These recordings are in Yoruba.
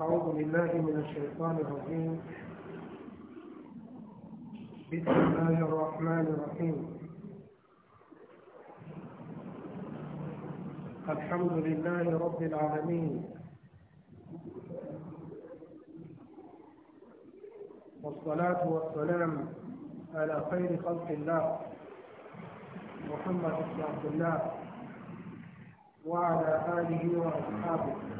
أعوذ بالله من الشيطان الرجيم بسم الله الرحمن الرحيم الحمد لله رب العالمين والصلاة والسلام على خير خلق الله محمد بن عبد الله وعلى آله وأصحابه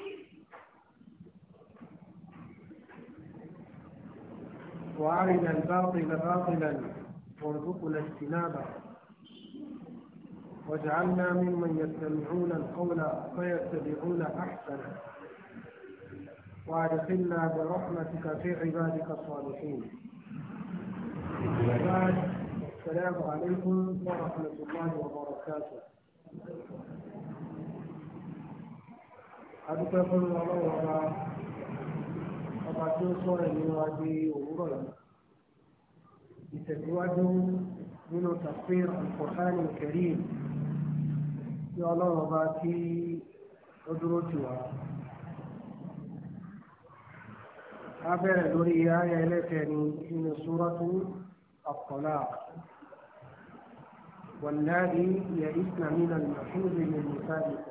وارنا الباطل باطلا وارزقنا اجتنابه واجعلنا ممن يستمعون القول فيتبعون احسنه وادخلنا برحمتك في عبادك الصالحين السلام عليكم ورحمه الله وبركاته adúpẹ́ fún ọlọ́wọ́ ọba tí ó sọ̀rọ̀ nínú adé òwúrọ̀ yìí ìtẹ̀síwájú nínú tafsir al-Qur'an al-Karim tí ọlọ́run ọba tí ó dúró tì wá. a bẹ̀rẹ̀ lórí ayé ẹlẹ́kẹ̀ẹ́ni nínú súrọ́tù at-Talaq. واللائي يئسن من المحيض من نسائكم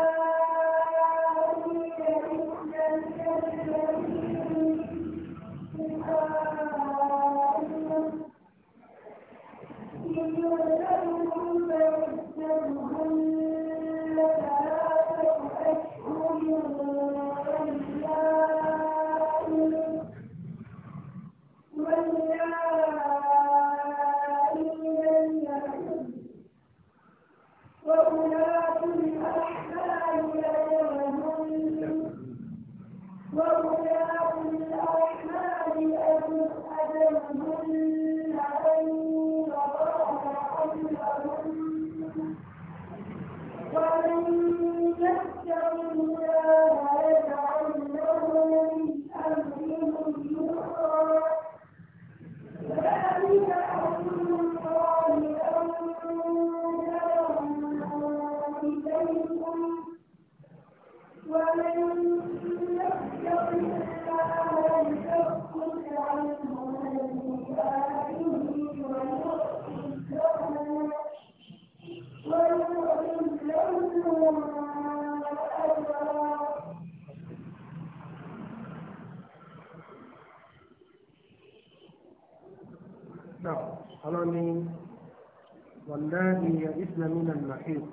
واللاتي يئسن من المحيط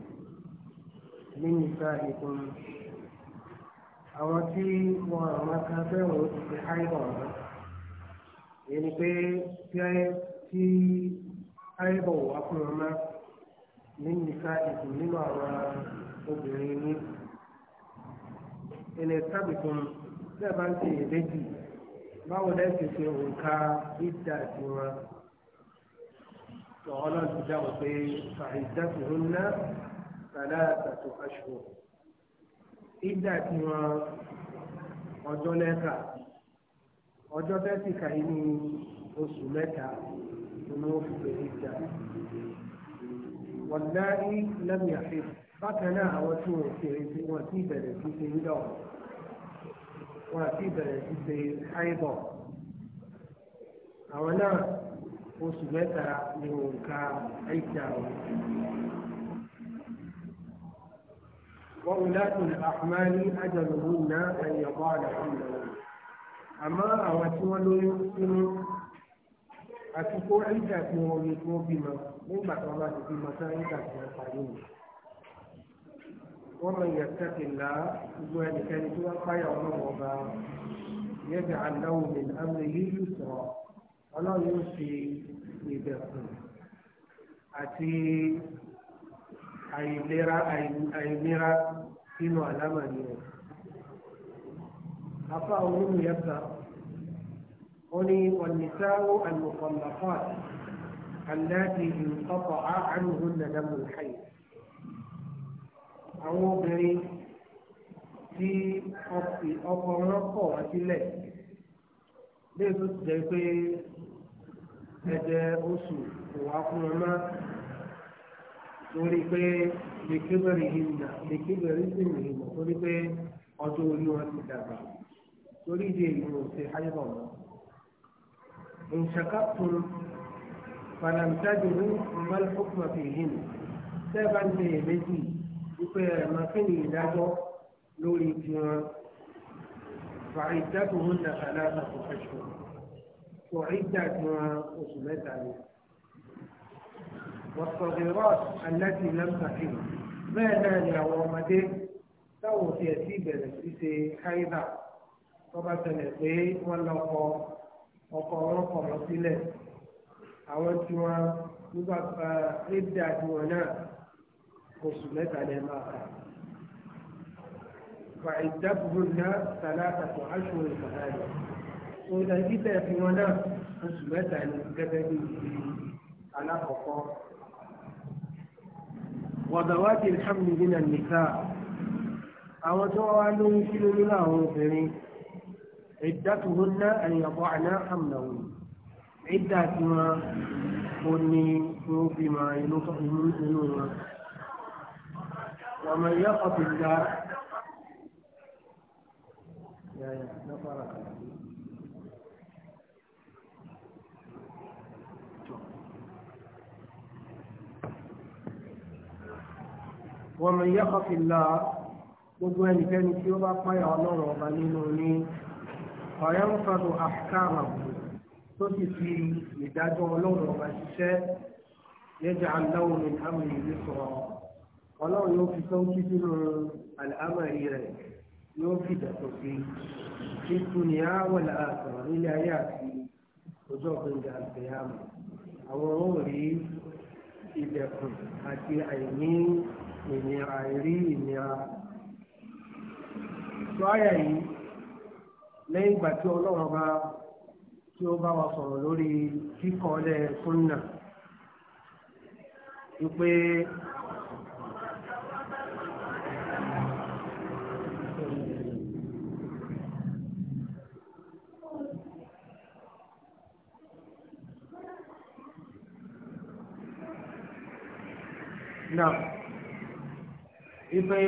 من نسائكم àwọn tí wọn àwọn akẹ́kẹ́ wọn ti fi háìbọ̀ ọ̀hún èyí pé tí háìbọ̀ wà fún ọmọ nínú ìka ìkùn nínú àwọn obìnrin ní ilẹ̀ sábìkùn tí a bá ń ṣe èdè báwo lẹ́sìn ṣe òǹkà ìdá tiwọn sọ̀rọ̀ ti dáhùn pé fàìdásùnúnà sàlátàtò aṣọ. ìdá tí wọn ọjọ́ lẹ́ka ọjọ́ tẹ́sí ka inú oṣù mẹ́ta inú oṣù bẹ̀rẹ̀ ìjà. wàláhí lẹ́mìí àfẹ́ bákan náà àwọn tí wọn kéré tí wọn ti bẹ̀rẹ̀ sí ṣe ń dọ̀ wọn àti bẹ̀rẹ̀ sí ṣe áìbọ̀ àwọn náà oṣù mẹ́ta ni òǹkà àìjà wọn. وأولاة الأحمال أجلهن أن يضعن حملهن àmọ́ àwọn tí wọ́n lóyún sínú àti kó ìjà tí wọ́n rí tí wọ́n bímọ nígbà tí wọ́n bá ti bímọ tán ìjà tí wọ́n parí nù. wọ́n mọ ìyẹn tẹ́tìlá gbogbo ẹnikẹ́ni tí wọ́n páyà ọlọ́wọ́ bá yẹ́dẹ̀ aláwọ̀ mi lámì yíyú sọ̀rọ̀ ọlọ́run yóò ṣe ìdẹ̀kùn àti àìlera àìlera nínú àlámàní rẹ̀. afa òun yẹn ta ó ní wàlìsáwó àlùkọ̀lọ́fà aláàtì ìǹkọ́kọ̀ àánúhùn nàdámù ìhàyè. àwọn obìnrin tí ọkọ̀ wọn kọ̀ wá sílẹ̀ lè tó ti jẹ́ pé ẹ̀jẹ̀ oṣù kò wá fún wọn mọ́ torí pé lèkébẹ̀rì ìhìnà lèkébẹ̀rì ìhìnà torí pé ọjọ́ orí wọn ti dàgbà torí ìdí èyí wọn ò ṣe ayébọ̀ mọ́. ìṣàkàtún fàlàǹtàjùrú mọ́lẹ́fọ́kùnmọ́ fi hìn sẹ́ẹ̀bà ń bẹ̀rẹ̀ méjì wípé ẹ̀rọ̀mọ́kìnì ìdájọ́ lórí tiwọn fàìdádùn náà aláàbò ẹ̀ṣọ́ kò ìdá gan oṣù mẹ́ta ni. wọ́sọ̀gẹ̀rọ̀t aláti lẹ́mtàkì bẹ́ẹ̀ náà ni àwọn ọmọdé táwọn ti ẹ̀sìn ìbẹ̀rẹ̀ sí ṣe káyíbà tó bá tẹlẹ̀ pé wọ́n lọ kọ ọkọ̀ wọn kọ̀ lọ sílẹ̀ àwọn tí wọ́n nígbà ìdá tiwọn náà oṣù mẹ́ta ni ẹ máa kà. فعدتهن ثلاثة أشهر كذلك òun àti tẹ̀ fi wọn náà oṣù mẹ́ta ni gẹ́gẹ́ bí alákọ̀ọ́kọ́. wàdàwádìí alhamdulilayi nìka àwọn tó wá lóyún kí ló nínú àwọn obìnrin ìdátùhúnná àyàbọ̀ àná àmàlù ìdá tí wọn kò ní wọn fi máa inú inú wọn. ومن يقف الله يا ومن يخف الله gbogbo ẹnikẹ́ni tí ó bá páyà ọlọ́run ọba nínú ní ọ̀yánfàdù àkàrà tó sì fi ìdájọ́ ọlọ́run ọba ṣiṣẹ́ yẹjà aláwọ̀ ní àmì ìlú sọ̀rọ̀ ọlọ́run yóò fi sọ́ọ́kì sínú àlámàrí rẹ̀ yóò fi dàtọ̀ sí títún ní àwọn àtọ̀ nílé ayé àti ojú ọ̀gbìnjà àgbẹ̀yàmù àwọn òórì ìdẹ̀kùn àti àìní ìnira ìrí ìnira tó àyà yìí lẹ́yìn ìgbà tí ọlọ́run bá tí ó bá wa sọ̀rọ̀ lórí kíkọ́lẹ̀ súnà wípé náà. ipe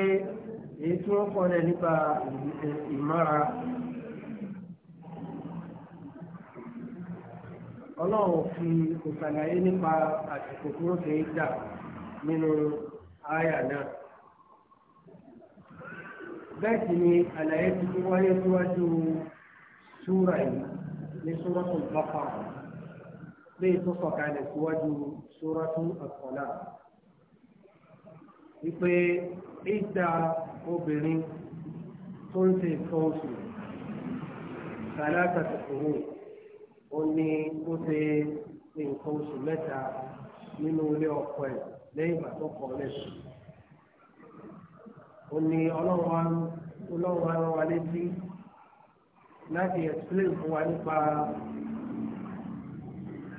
èyí tí wọ́n kọ́ lẹ̀ nípa ìmọ́ra ọlọ́run fi òṣàlàyé nípa àsìkò kúrò tó ń dà nínú àyà náà. bẹ́ẹ̀ sì ni àlàyé ti fi wáyé síwájú súra yìí ní súra tó bọ́pà tó sọ̀kalẹ̀ síwájú súra tó ọ̀kọ̀lá. ìdá obìnrin tó ń ṣe nǹkan oṣù sàlátà tòkòrò ó ní ó ṣe nǹkan oṣù mẹ́ta nínú ilé ọkọ ẹ̀ lẹ́yìn ìgbà tó kọ́ lẹ́sùn. ó ní ọlọ́run wa rán wa létí láti explain fún wa nípa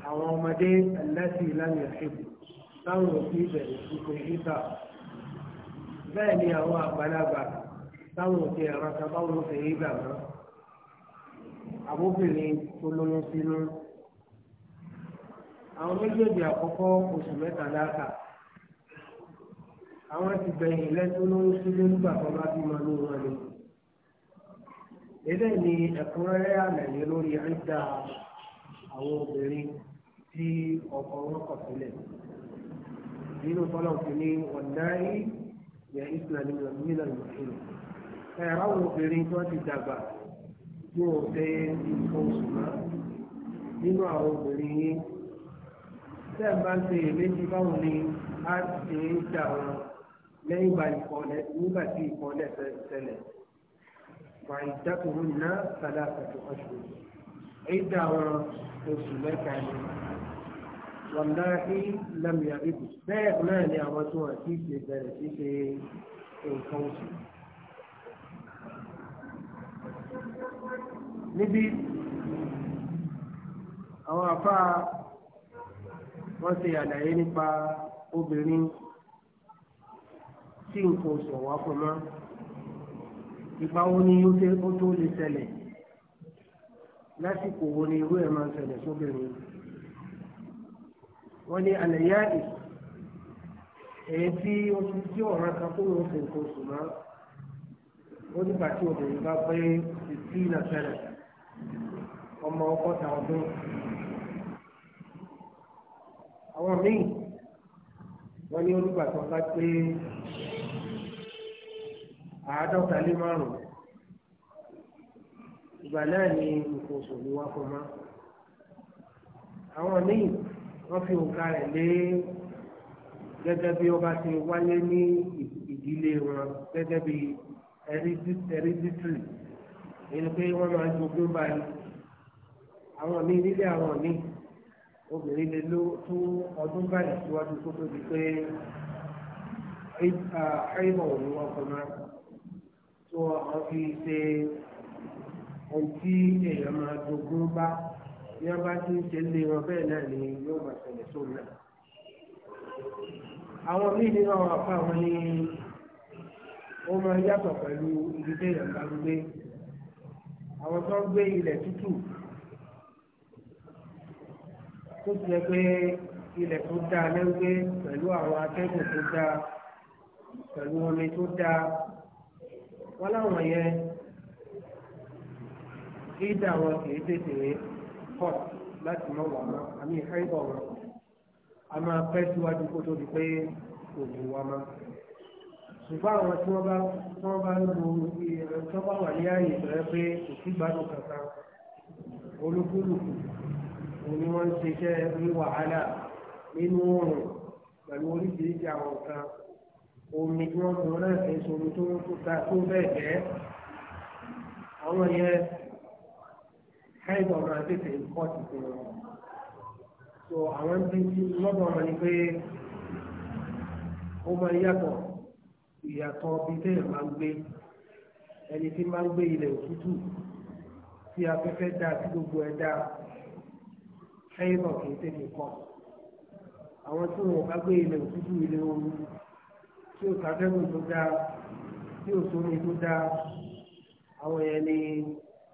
àwọn ọmọdé ẹlẹ́sìn ìlànà ìṣègùn táwọn òbí bẹ̀rẹ̀ fún pé bẹ́ẹ̀ ni àwọn àgbàlagbà táwọn òkè àràkà báwọn òkè yìí gbà mọ́ àbóbìnrin tó lóyún sínú àwọn méjèèjì àkọ́kọ́ oṣù mẹ́ta láàkà àwọn ti gbẹ̀yìn lẹ́tọ́ lóyún sínú nígbà tó bá bímọ ní wọn ni eléyìí ni ẹ̀kúnrẹ́rẹ́ àlàyé lórí àìdá àwọn obìnrin tí ọkọ wọn kọ̀ sílẹ̀ nínú fọlọ́ọ̀kì ni wọ̀ndáyé. يئسن من المحيط ẹ̀rọ àwọn obìnrin tó ti dàgbà ní òde nǹkan oṣù náà nínú àwọn obìnrin yìí tẹ́ ẹ̀ bá ń ṣe èléjì báwo ni a ṣe ń dà wọn lẹ́yìn nígbà tí ìkọlẹ̀ ṣẹlẹ̀ wà ìdákùnrin náà sálà àtàkùn ọ̀ṣun ẹ̀dá wọn oṣù mẹ́ta ni wàláhí lámìyà bíbù bẹ́ẹ̀ náà ni àwọn tó wà tí ṣe bẹ̀rẹ̀ sí ṣe nǹkan oṣù. níbi àwọn àfa wọ́n ṣe àlàyé nípa obìnrin tí nǹkan oṣù ọ̀wá fún mọ́ ìgbà wo ni ó tó lè ṣẹlẹ̀ lásìkò wo ni irú ẹ̀ máa ń ṣẹlẹ̀ sóbìnrin. So wọ́n ní àlàyé èyí tí oṣù tí ọ̀rọ̀ kan kó lóun fi nǹkan oṣù máa ó nígbà tí obìnrin bá pé fifteen na sẹ́lẹ̀ ọmọ ọgọ́ta ọdún. àwọn míì wọ́n ní onígbà tó bá pé àádọ́ta lé márùn-ún ìgbà náà ni nǹkan oṣù ni wá fún ma. àwọn míì wọ́n fi òǹkà rẹ̀ lé gẹ́gẹ́ bí ọba ti wáyé ní ìdílé wọn gẹ́gẹ́ bí ẹ̀rídítìrì ẹni pé wọ́n máa ń jogún báyìí àwọn míì nílé àwọn míì obìnrin lè ló tó ọdún báyìí síwájú tó tóbi pé àìmọ̀ òun wọn kọ máa tó ọ fi ṣe ohun tí èèyàn máa jogún bá bí wọ́n bá ti ń ṣe lé wọn bẹ́ẹ̀ náà ni yóò máa ṣẹlẹ̀ sóòrùn náà. àwọn míì nínú àwọn àpá wọn ni ó máa yàtọ̀ pẹ̀lú ibi tí èèyàn bá ń gbé àwọn tó ń gbé ilẹ̀ tútù tó ti yẹ pé ilẹ̀ tó dáa ló ń gbé pẹ̀lú àwọn akẹ́kọ̀ọ́ tó dáa pẹ̀lú omi tó dáa wọ́n láwọn yẹn kí dà kì í tètè rèé effort láti mọ̀ wà mọ́ àmì ìhẹ́rìbọ̀ wọn a máa pẹ́ síwájú kó tó di pé òògùn wa mọ́ ṣùgbọ́n àwọn tí wọ́n bá wọ́n bá ń lo tí wọ́n bá wà ní ààyè ìbẹ̀rẹ̀ pé kò sí gbádùn kankan olúkúlùkù òun wọ́n ń ṣiṣẹ́ ní wàhálà nínú oòrùn pẹ̀lú oríṣiríṣi àwọn nǹkan omi tí wọ́n mú náà kì í tó bẹ́ẹ̀ bẹ́ẹ̀ àwọn yẹn. organization in court kọ́ọ̀tù fún wọn. so àwọn tí lọ́dọ̀ wọn ni pé ó máa yàtọ̀ ìyàtọ̀ bíi téèyàn máa ń gbé ẹni tí máa ń gbé ilẹ̀ òtútù tí afẹ́fẹ́ dá tí gbogbo ẹ̀ dá káyọ̀ ọ̀rọ̀ kìí tètè kọ́ àwọn tí wọn bá gbé ilẹ̀ òtútù ilẹ̀ ooru tí ò sáfẹ́gùn tó dáa tí ò sómi tó àwọn yẹn ni.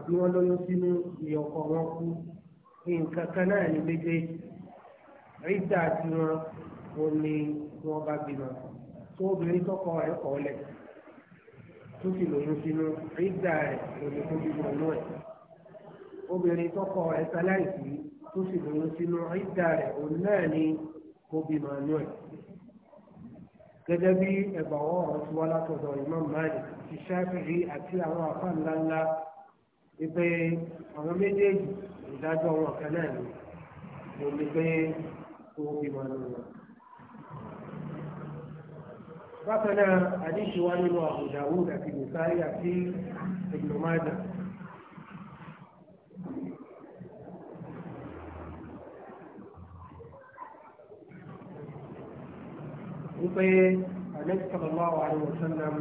àbí wọ́n lóyún sínú ni ọkọ wọn kú nǹkan kan náà ní méjèèjì ríta àti wọn ò ní wọn bá bímọ tó obìnrin tọkọ ẹ kọ lẹ tó sì lóyún sínú ríta rẹ ò ní kó bímọ inú ẹ obìnrin tọkọ ẹ sáláìsì tó sì lóyún sínú ríta rẹ ò náà ní kó bímọ inú ẹ gẹ́gẹ́ bí ẹgbàwọ́ ọ̀rọ̀ tí wọ́n látọ̀dọ̀ imam malik ti ṣáfìrí àti àwọn àfáà ńláńlá ipe àwọn méjèèjì ìdájọ́ wọn kan náà ni mo ní pé kó o bímọ nínú wọn. bákan náà àdìsí wa nínú àbùdá wù àti bùkárí àti ìgbìmọ̀májà. wípé àlẹ́ sọ̀rọ̀ máa wà ní wọ́n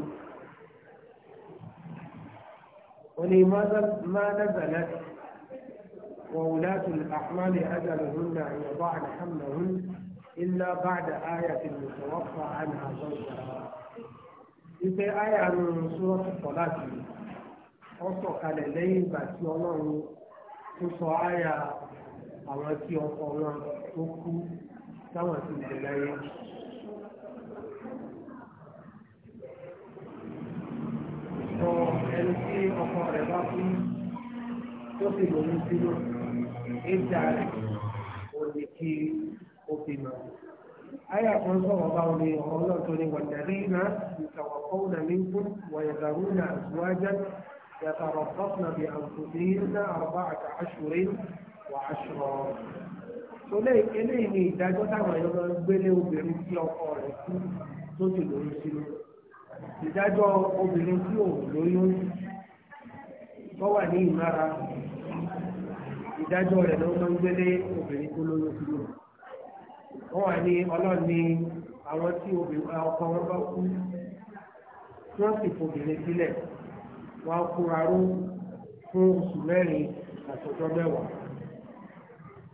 ولي ما نزلت وولاة الأحمال أجلهن أن يضعن حملهن إلا بعد آية متوفى عنها زوجها. Ife aya nu sọ́ọ́tù sọ́láàtì wọ́n sọ kalẹ̀ lẹ́yìn ìgbà tí ọlọ́run tó sọ aya àwọn tí ọkọ wọn tó kú táwọn ti lè láyé. sọ ẹni tí ọkọ rẹ̀ bá kú tó sì lóyún sínú ìjà rẹ̀ ò lè kí ó fi mọ̀. Aya kan sọ̀rọ̀ bá wọn ní ọ̀rọ̀ náà tó ní wàjàrí náà ìtàwọ̀ kọ́ọ̀nà ní kún wàyàgàrú náà àzúwájá يتربصن بأنفسهن أربعة أشهر وعشرا. Sọlẹ́ eléyìí ni ìdájọ́ táwọn èèyàn gbélé obìnrin tí ọkọ rẹ̀ kú tó ti lóyún sínú ìdájọ́ obìnrin tí ò lóyún tó wà ní ìmára ìdájọ́ rẹ̀ ló máa ń gbélé obìnrin tó lóyún sí lò wọ́n wà ní ọlọ́ọ̀ni àwọn tí ọkọ wọn bá kú tí wọ́n sì fòbìnrin sílẹ̀ wọ́n á kóra ró fún oṣù mẹ́rin àtọ́jọ́ mẹ́wàá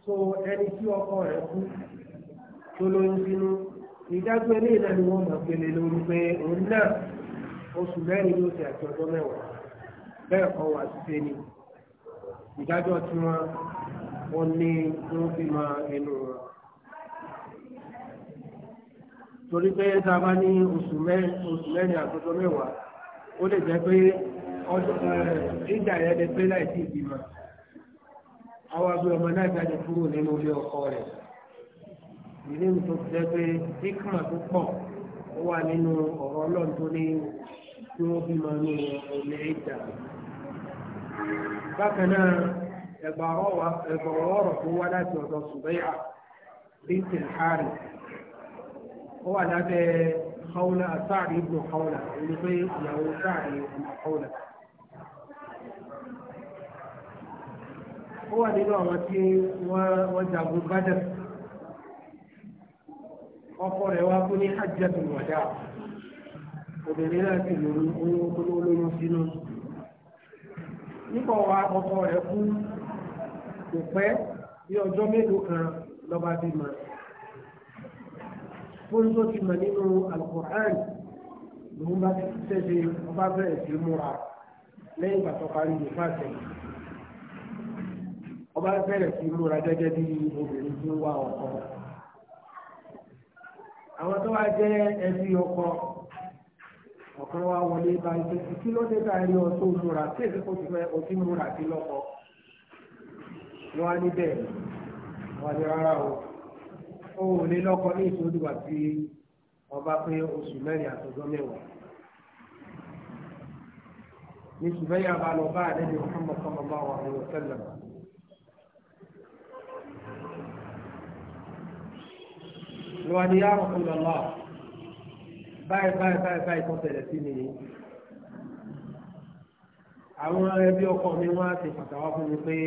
so ẹni tí ọkọ rẹ̀ kú tó lóyún sínú ìdájọ́ eléyìí náà ni wọ́n máa gbélé lórí pé òun náà oṣù mẹ́rin ló ti àti ọjọ́ mẹ́wàá bẹ́ẹ̀ kọ́ wá ṣe ni ìdájọ́ tí wọ́n wọ́n ní wọ́n fi máa ẹnu wọn. torí pé tá a bá ní oṣù mẹ́rin àtọ́jọ́ mẹ́wàá ó lè jẹ́ pé ìjà yẹn lè pé láìsí ìbímọ àwọn abúlé ọmọ náà jáde kúrò nínú ilé ọkọ rẹ̀ ìdí nìkan ti jẹ́ pé hikma tó pọ̀ ó wà nínú ọ̀rọ̀ ọlọ́run tó ní tí wọ́n bí máa ní ọ̀lẹ́ ìjà. Bákan náà, ẹ̀bà ọ̀rọ̀ tó wá láti ọ̀dọ̀ Sùbẹ́yà bí Tìlhárì. Ó wà lábẹ́ Hawla Sáàrì ibùdó Hawla, ẹni pé ìyàwó Sáàrì ọmọ Hawla. Ó wà nínú àwọn tí wọ́n jagun Bádẹ́sì. Ọkọ rẹ̀ wá fún ní Hajjatul Wada obìnrin náà sì lóyún olóyún sínú nípa wa ọkọ rẹ̀ kú kò pẹ́ bí ọjọ́ mélòó kan lọ́ba bímọ fún tó ti mọ̀ nínú alukur'an lòun bá ti tẹ̀sẹ̀ ọba bẹ̀rẹ̀ sí múra lẹ́yìn ìgbà tó parí ìlú fàṣẹ ọba bẹ̀rẹ̀ sí múra gẹ́gẹ́ bí obìnrin tó wá ọkọ àwọn tó wá jẹ́ ẹbí ọkọ ọ̀kan wá wọlé bá ibi kí ló dé bá rí ọtún múra tí èsì kò ti fẹ́ ọtí múra sí lọ́kọ. wọ́n á ní bẹ́ẹ̀ wọ́n á ní rárá o ó ò lé lọ́kọ ní ìṣòdìwà tí ọba pé oṣù mẹ́rin àtọ́jọ́ mẹ́wàá. ní ṣùgbọ́n bá lọ bá àdébí muhammad sallallahu alayhi wa sallam. lọ́wọ́ ni yàrá kúlọ̀ náà báyìí báyìí báyìí báyìí kan tẹ̀lẹ̀ sí mi yìí àwọn ẹbí ọkọ mi wá ti pàtàkì fún mi pé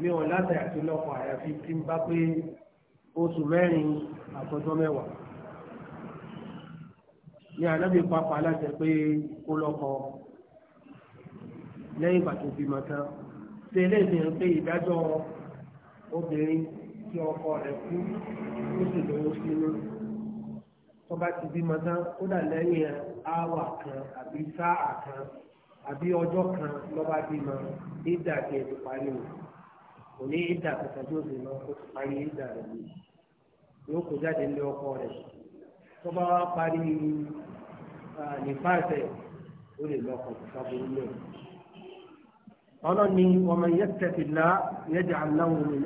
mi ò láti àti lọ́kọ̀ àyàfi tí n bá pé oṣù mẹ́rin àtọ́jọ́ mẹ́wàá ní anábì pápá aláṣẹ pé kó lọ́kọ lẹ́yìn ìgbà tó bímọ tán ṣe eléyìí ń pé ìdájọ́ obìnrin tí ọkọ rẹ̀ kú ó sì lówó sínú. tó bá ti bímọ tán ó dà lẹ́yìn áwà kan àbí sáà kan àbí ọjọ́ kan ló dị bímọ ìdà tí ẹ ti parí o kò ní ìdà kankan tí ó lọ kó ti parí ìdà ni yóò kó jáde ní ọkọ rẹ̀ tó bá wá parí nípasẹ̀ ó lè lọ burú ọlọ́ni ọmọ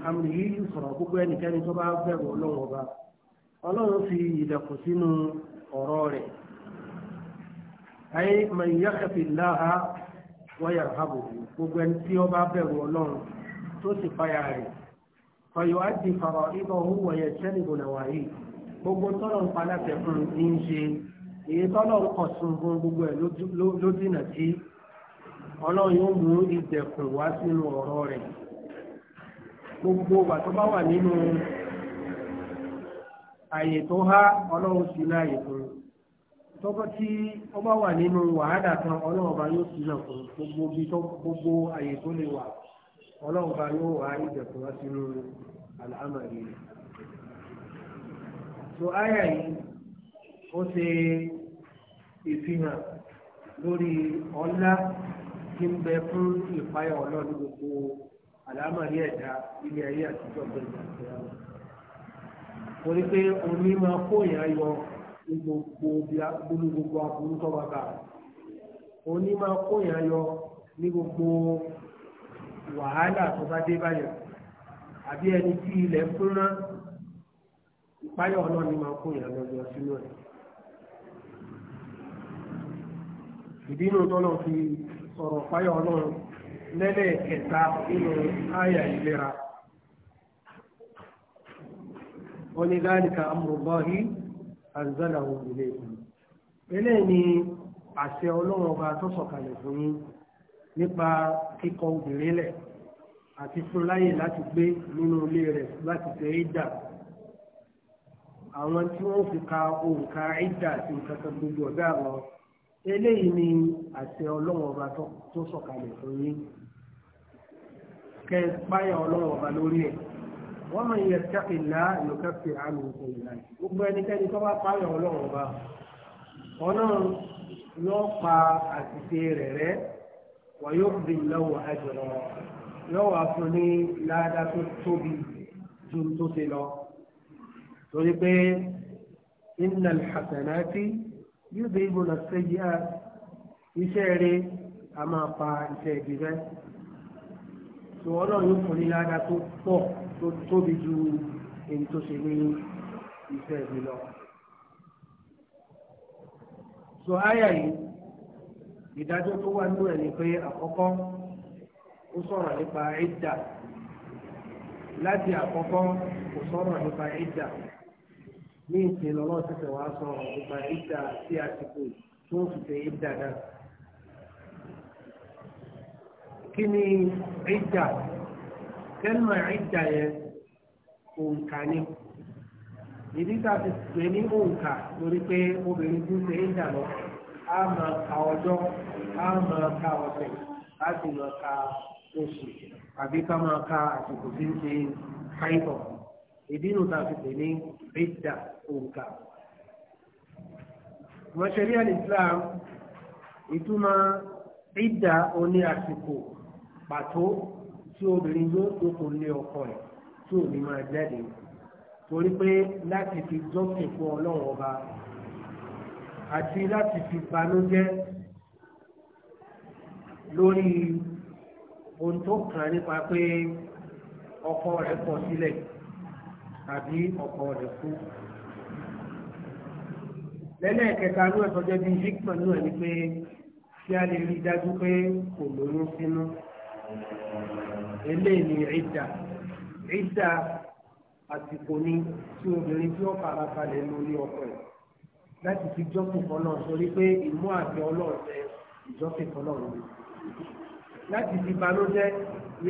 àmì yìí sọ̀rọ̀ gbogbo ẹnikẹ́ni tó bá bẹ̀rù ọlọ́wọ́ bá. ọlọ́run fi ìdàkùn sínú ọ̀rọ̀ rẹ̀ ayé man yàkàtì láha wọ́yà hábò gbogbo ẹni tí ó bá bẹ̀rù ọlọ́run tó sì fàyà rẹ̀ fàyọ̀ á ti fàrọ̀ ibà òun wọ̀nyẹ̀ sẹ́nìbò náà wáyé gbogbo tọ́lọ̀ ń fún ní ń ṣe èyí tọ́lọ̀ kọ̀ sun fún gbogbo ẹ̀ ló dínà ọlọ́run yóò mú ìdẹ̀kùn wá sínú ọ̀rọ̀ rẹ̀ gbogbo bàtọ́ bá wà nínú àyè tó há ọlọ́run sí láàyè fún un tọ́kọ́ tí ó bá wà nínú wàhálà kan ọlọ́run bá yóò fún gbogbo bí gbogbo àyè tó lè wà ọlọ́run bá yóò wá ìjẹ̀kùn wá sínú so àyà yìí ó ṣe ìfihàn lórí ọlá tí ń bẹ fún ìpayà ọlọ́run gbogbo àlámà ẹ̀dá ilé ayé àtijọ́ àti torí pé omi máa kó èèyàn yọ gbogbo gbólú gbogbo aburú tó bá bá omi máa kó èèyàn yọ ní gbogbo wàhálà tó bá dé báyọ̀ àbí ẹni tí ilẹ̀ fúnra ìpáyọ̀ náà ni máa kó èèyàn lọ yọ sínú ẹ̀. ìdí tọ́lọ̀ fi sọ̀rọ̀ páyọ̀ náà lẹ́lẹ́kẹta nínú àyà ìlera. wọ́n ní láàrínkà amúrúbọ́hí anzalahu ilaykum eléyìí ni àṣẹ ọlọ́run ọba tó sọ̀kalẹ̀ fún yín nípa kíkọ obìnrin lẹ̀ àti fún láyè láti gbé nínú ilé rẹ̀ láti ṣe é dà àwọn tí wọ́n fi ka òǹkà ìdá àti nǹkan kan gbogbo ọ̀dà lọ eléyìí ni àṣẹ ọlọ́run ọba tó sọ̀kalẹ̀ fún yín kẹ́ ẹ páyà ọlọ́run ọba lórí ẹ̀ wọ́n mọ̀ iye ṣẹ́kìlá lókè fi àrùn òkè ìlànà gbogbo ẹnikẹ́ni tó bá pààyàn ọlọ́run bá ọlọ́run yóò pa àtìsé rẹ̀ rẹ́ wà yóò fi lọ́wọ́ àjọyọ̀ yóò wá fún ní ládàá tó tóbi ju hasanati yóò dé ibò náà á iṣẹ́ rẹ̀ a máa pa iṣẹ́ ìbí rẹ̀ ṣùgbọ́n yóò fún ní ládàá tó pọ̀ tó tóbi ju èyí tó ṣe ní ìfẹ́ mi lọ. so àyà yìí ìdájọ́ tó wà nínú ẹ̀ ni pé àkọ́kọ́ ó sọ̀rọ̀ nípa ìdà láti àkọ́kọ́ kò sọ̀rọ̀ nípa ìdà ní ìsìn lọ́wọ́ tẹ̀sẹ̀ wá sọ̀rọ̀ nípa ìdà sí àsìkò tó ń fìfẹ́ ìdà náà. kí ni ìdà? kẹ́lùmọ̀ ìdá yẹn òǹkà ni ìdí tá a ti pè ní òǹkà lórí pé obìnrin tún ṣe ń dà lọ á máa ka ọjọ́ á máa ka ọ̀sẹ̀ á sì máa ka oṣù àbí ká máa ka àsìkò tí ń ṣe káìtọ̀ ìdí nù tá a ti pè ní ìdá òǹkà. mọ̀ṣẹ́lí àlìsílám ìtumọ̀ ìdá oní àsìkò pàtó tí obìnrin yóò dókòó lé ọkọ rẹ̀ tí ò ní máa jáde torí pé láti fi jọ́sìn fún ọlọ́run ọba àti láti fi banújẹ́ lórí ohun tó kàn nípa pé ọkọ rẹ̀ kọ̀ sílẹ̀ tàbí ọkọ rẹ̀ kú. lẹ́lẹ́kẹta ní ẹ̀sọ́jẹ́ bíi hikman náà ni pé kí a lè rí i dájú pé kò lóyún sínú eléyìí ni ìdá ìdá àsìkò ni tí obìnrin tí ó fara balẹ̀ lórí ọkọ ẹ̀ láti fi jọ́sìn kan náà sórí pé ìmú àti ọlọ́run jẹ ìjọ́sìn kan náà ni láti fi balójẹ́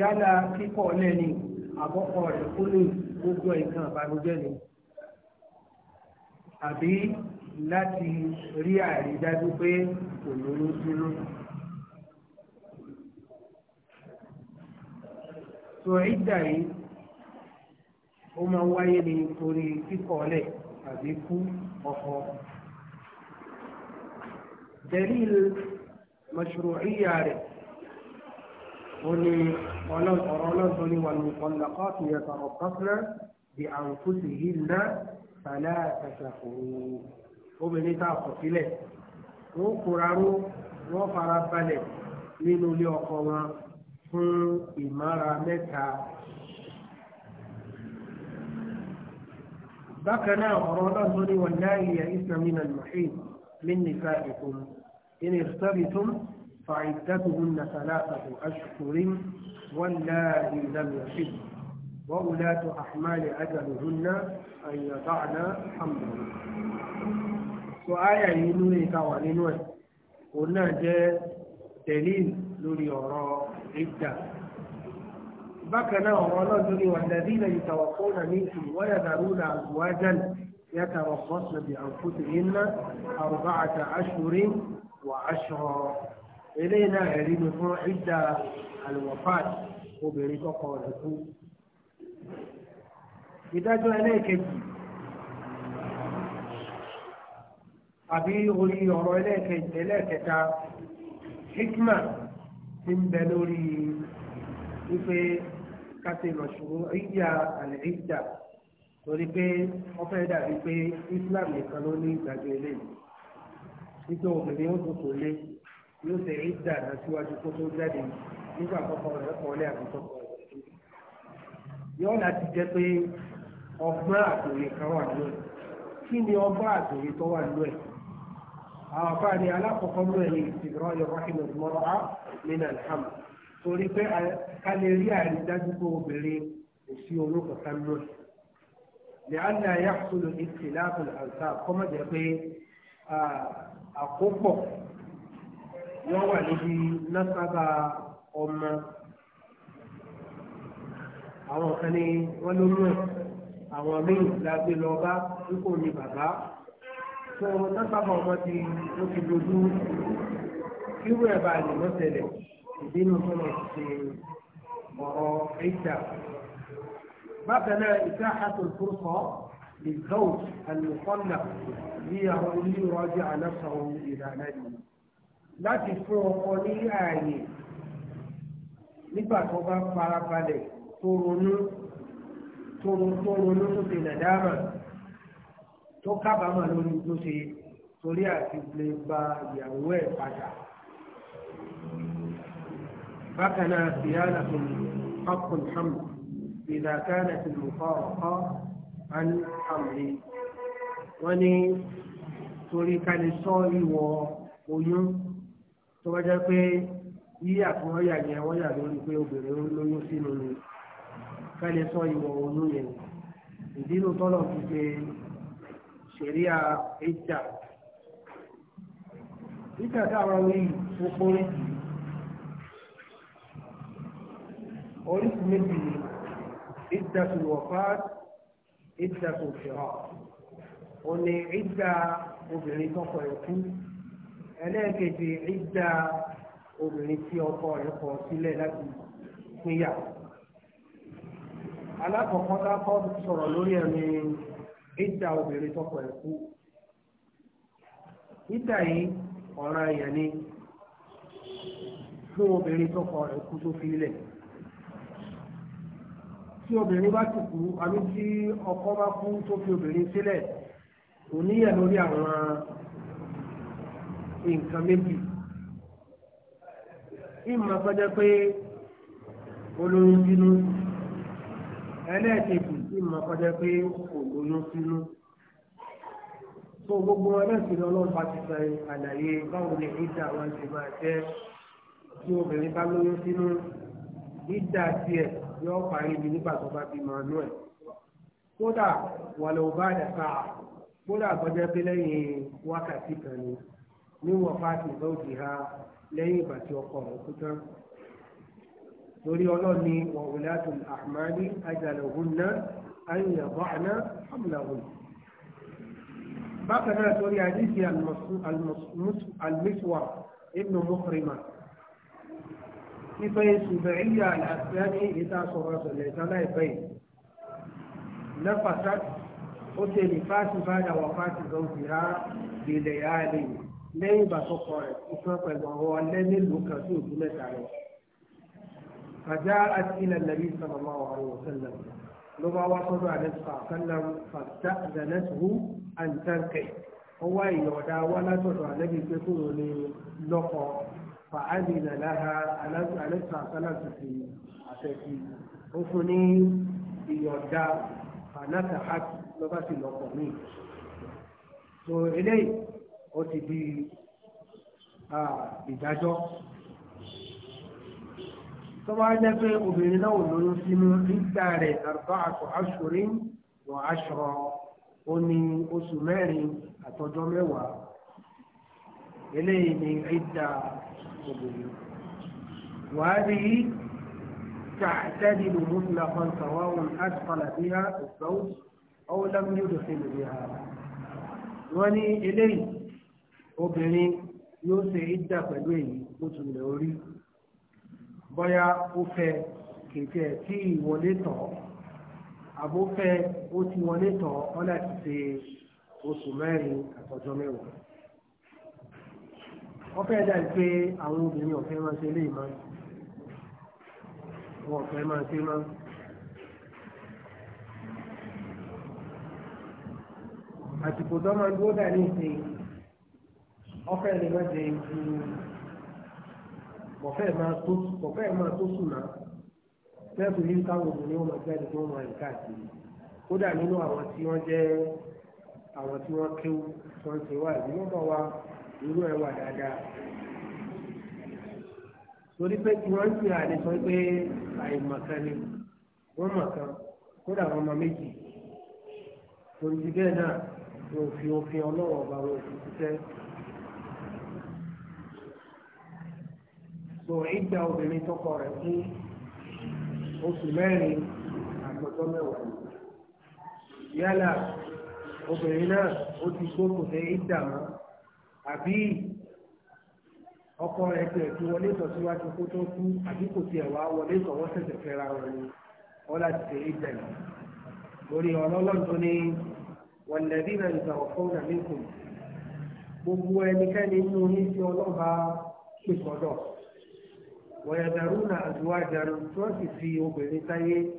yálà kíkọ́ lẹ́ni àkọ́kọ́ rẹ̀ kú ní gbogbo nǹkan balójẹ́ ni àbí láti rí àrídájú pé kò lóyún sínú. tó ìdá yìí ó máa wáyé ní torí kíkọ́lẹ̀ tàbí kú ọkọ. دليل مشروعية قولي قولي والمطلقات يتربصن بأنفسهن ثلاثة قروء obìnrin tá a kọ̀ sílẹ̀ wọ́n kóra ró wọ́n fara balẹ̀ nínú ilé ọkọ wọn fún ìmára mẹ́ta. bákan náà ọ̀rọ̀ ọlọ́run ní wọn láàyè àìsàn mi náà lọ́hìn mí nìka ìkùn ìní ìsọ́bìtún فعدتهن ثلاثة أشهر واللائي لم يحب وولاة أحمال أجلهن أن يضعن حملهن سؤال ينوي كوانينوي قلنا جاء دليل لوري أوراق عدة بكنا ورنزل والذين يتوفون منكم ويذرون أزواجا يتربصن بأنفسهن أربعة أشهر وعشرا إلينا هريم فún عدة الوفاة obìnrin قوله إذا جاء إليك أبي غلي àbí إليك إليك حكمة ti ń bẹ lórí wípé káṣe lọ́ṣùrù ìyá àlẹ́ ìjà torí pé wọ́n fẹ́ dàbí pé Islam nìkan ló ní ìgbàgbé eléyìí wípé obìnrin ó tún kò lé yóò ṣe ìjà náà síwájú kó tó jáde nígbà kọ́kọ́ rẹ̀ kọ́ lé àkókò kọ́ rẹ̀ yóò láti jẹ́ pé ọgbọ́n àtòyè kan wà lóyè kí ni ọgbọ́n àtòyè tó wà lóyè àwọn afáàní alákọ̀ọ́kọ́ mú ẹ̀yìn ìsìnkú ọ̀yọ́ wákìlọ̀ mọ́ra nínú alhamdu torí pé ká lè rí àrídájú pé obìnrin kò sí olókùn sánú lẹ́yìn àyàkùsùlù ìsìláàbù àǹsà kọ́mọ̀jẹ́ pé àkópọ̀ wọ́n wà níbi násábà ọmọ àwọn kan ní wọ́n ló mú àwọn míì lágbé lọ́ba nípò ní bàbá tó ọmọ tó sábà ọmọ ti ló ti dojú irú ẹ̀ bá lè lọ tẹ̀lẹ̀ ìdínú tó lọ sí ọ̀rọ̀ ẹ̀jà. bákan náà ìta àtò fúrúkọ للزوج المطلق ليه ليراجع نفسه إذا ندم láti fún ọkọ ní ààyè nígbà tó bá farabalẹ̀ tó ronú tó ronú tó ti nàdámà tó kábàámọ̀ lórí tó ṣe torí àti lè gba ìyàwó ẹ̀ padà. bákan náà fìyàrá tó ní ọkùn hàmù ìdàkánà tó lù kọ́ ọ̀kọ́ àní hàmùlé. wọ́n ní torí ká lè sọ ìwọ̀ oyún tó bá jẹ́ pé yíyà tí wọ́n yà yẹn wọ́n yà lórí pé obìnrin lóyún sínú ni ká lè sọ ìwọ̀ oyún yẹn ìdí ló tọ́lọ̀ fi ṣe ṣẹ̀ríà ìjà ìjà táwọn wí gbogbo rí oríṣi méjì ni ìjà tó wọ̀ fáà ìjà tó fi hàn ó ní ìjà obìnrin tọkọ ẹ̀ kú ẹlẹ́ẹ̀kejì ìjà obìnrin tí ọkọ rẹ̀ kọ sílẹ̀ láti pínyà alákọ̀ọ́kọ́ tá sọ̀rọ̀ lórí ẹ̀ ìdá obìnrin tọkọ ẹ̀ kú ìdá yìí ọ̀ràn èèyàn ni fún obìnrin tọkọ ẹ̀ kú tó fi lẹ̀ tí obìnrin bá ti kú àbí tí ọkọ bá kú tó fi obìnrin sílẹ̀ kò níyà lórí àwọn nǹkan méjì ìmọ̀ sọ́jọ́ pé olóyún bínú ẹlẹ́ẹ̀kejì ìmọ̀ kọjá pé kò lóyún sínú. tó gbogbo ẹlẹ́sìn ọlọ́run bá ti sọ àlàyé báwo ni ìdá wọn ti máa jẹ́ tí obìnrin bá lóyún sínú ìdá tiẹ̀ yóò parí mi nígbà tó bá bímọ inú ẹ̀. kódà wàlẹ̀ ò bá dàka kódà kọjá pé lẹ́yìn wákàtí kan ni níwọ̀n fáàtì lóòjì ha lẹ́yìn ìgbà tí ọkọ rẹ̀ kú tán torí ọlọ́ọ̀ni wàhùn látùn àmàlí àjàlẹ̀ òhun náà. أن يضعنا حملهم بعد ما تقول حديث المسور ابن مخرمة كيف سبعية الأسلامي إذا صلى الله عليه وسلم نفست أتي لفاس بعد وفاة زوجها بليالي لين بسقط إسمه وهو لين عليه. فجاءت إلى النبي صلى الله عليه وسلم ló bá wá sọ́dọ̀ àdẹ́sùn àkànlá fàtà àdẹ́sùn àǹtẹ̀kẹ̀ ó wá ìyọ̀dá wá látọ̀dọ̀ àdẹ́bí pé kúrò ní lọ́kọ̀ fàájì nàláha àdẹ́sùn àkànlá tètè àtẹ̀kì ó fún ní ìyọ̀dá fànàtà hàt ló bá lọ́kọ̀ míì. so eléyìí ó ti di ah, ìdájọ́ tọ́wọ́ á jẹ́ pé obìnrin náà ò lóyún sínú nígbà rẹ̀ arba'atu ashhurin wa ashra ó ní oṣù mẹ́rin àtọjọ́ mẹ́wàá eléyìí ni ìdá obìnrin wàá rí تعتدل مطلقا سواء أدخل بها الزوج أو لم يدخل بها wọ́n ní eléyìí obìnrin yóò ṣe ìdá pẹ̀lú èyí bó tilẹ̀ orí bóyá ó fẹ́ kèké ẹ̀ tí ìwọlé tọ̀ àbó fẹ́ ó ti wọlé tọ̀ ọ́ láti ṣe oṣù mẹ́rin àtọ́jọ́ mẹ́wàá. wọ́n fẹ́ dà pé àwọn obìnrin ọ̀fẹ́ máa ṣe léè máa wọn ọ̀fẹ́ máa ṣe máa. àsìkò tó máa dúró dà ní ìsìn ọ̀fẹ́ lè má ṣe ju kọ̀fẹ́ máa tó sùnà lẹ́ẹ̀kú ní káwọn obìnrin wọn máa jáde tó máa rìn káàkiri kódà nínú àwọn tí wọ́n jẹ́ àwọn tí wọ́n kéwú tó ń ṣe wá ìlú wọn bá wa irú ẹ̀ wà dáadáa torí pé kí wọ́n ń sìn àlè sọ pé àìmọ̀kan ni wọ́n mọ̀kan kódà wọn máa méjì torí bẹ́ẹ̀ náà wọn ò fi òfin ọlọ́wọ́ ọba wọn ò fi ṣiṣẹ́. so ìgbà obìnrin tó kọ rẹ̀ fún oṣù mẹ́rin àtọ́jọ́ mẹ́wàá yálà obìnrin náà ó ti gbókò dé ìgbà mọ́ àbí ọkọ rẹ̀ tiẹ̀ ti wọlé tọ̀ síwájú kó tó kú àbí kò tiẹ̀ wá wọlé tọ̀ wọ́n ṣẹ̀ṣẹ̀ fẹ́ra wọn ni wọ́n láti ṣe ìgbà yìí lórí ọlọ́lọ́run tó ní wọ̀lẹ́bí náà ìgbà ọ̀fọ́ náà gbogbo ẹnikẹ́ni nínú yín tí ọlọ́ba pèsè ọ̀dọ̀. ويذرون أزواجا توفي وبنتي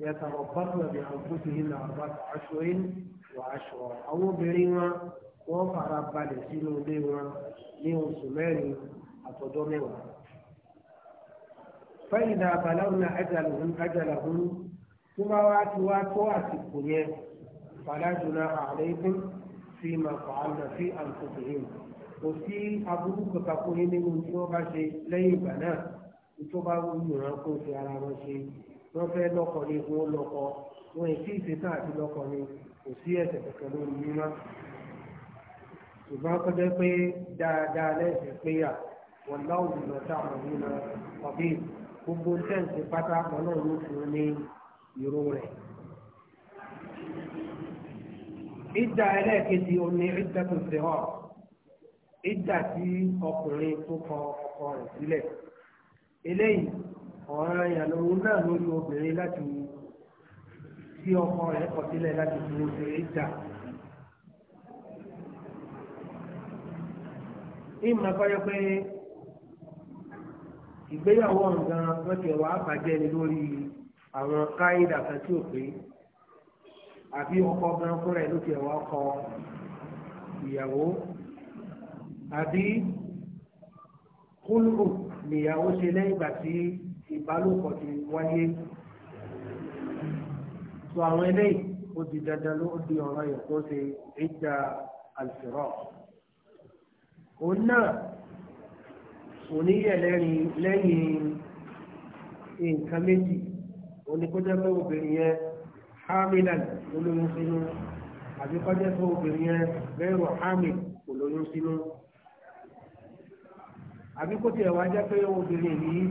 يتربصن بأنفسهن أربعة أشهر وعشرا أو بريما وفر بالي سينو ديما ليون سماني أتدوميما فإذا بلغنا أجلهم أجلهم ثم واتوا تواسكوا فلا جناح عليكم فيما فعلنا في أنفسهم kò sí aburú kankan fún yín nínú tí wọ́n bá ṣe lẹ́yìn ìgbà náà tó bá wúlò rán kó ṣe ara wọn ṣe wọ́n fẹ́ lọ́kọ̀ ni wọ́n lọ́kọ̀ wọ́n èsì ìṣètò àti lọ́kọ̀ ni kò sí ẹ̀sẹ̀ kankan lórí mímọ́ ṣùgbọ́n kọjá pé dáadáa lẹ́sẹ̀ péyà wọ́n láwùjọ lọ sáwọn nínú ọ̀bí gbogbo tẹ́ǹtì pátá lọ́nà ló fún ní ìró rẹ̀. ìdá ẹlẹ́ẹ̀kejì òní ìdá tó ṣe hàn ìjà tí ọkùnrin tó kọ ọkọ rẹ̀ sílẹ̀ eléyìí ọ̀ràn ìyàlówó náà lórí obìnrin láti tí ọkọ rẹ̀ kọ sílẹ̀ láti fi obìnrin jà. ìmọ̀ kọ́jọ́ pé ìgbéyàwó nǹkan wọ́n ti wà á bàjẹ́ ni lórí àwọn káyìdà kan tí ò pé àbí ọkọ gan fúnra ẹ̀ ló ti wà á kọ ìyàwó àbí kúlù nìyàwó ṣe lẹ́yìn ìgbà tí ìbálòpọ̀ ti wáyé tó àwọn eléyìí ó di dandan ló di ọ̀rọ̀ yẹn kó ṣe ìjà àlùfẹ́rọ̀ òun náà oníyẹ̀ lẹ́yìn nǹkan méjì oníkọ́jẹ́ pé obìnrin yẹn hamilan olóyún sínú àbíkọ́jẹ́ pé obìnrin yẹn bẹ́ẹ̀rù hamil olóyún sínú àbí kó tiẹ̀ wá jẹ́ pé obìnrin yìí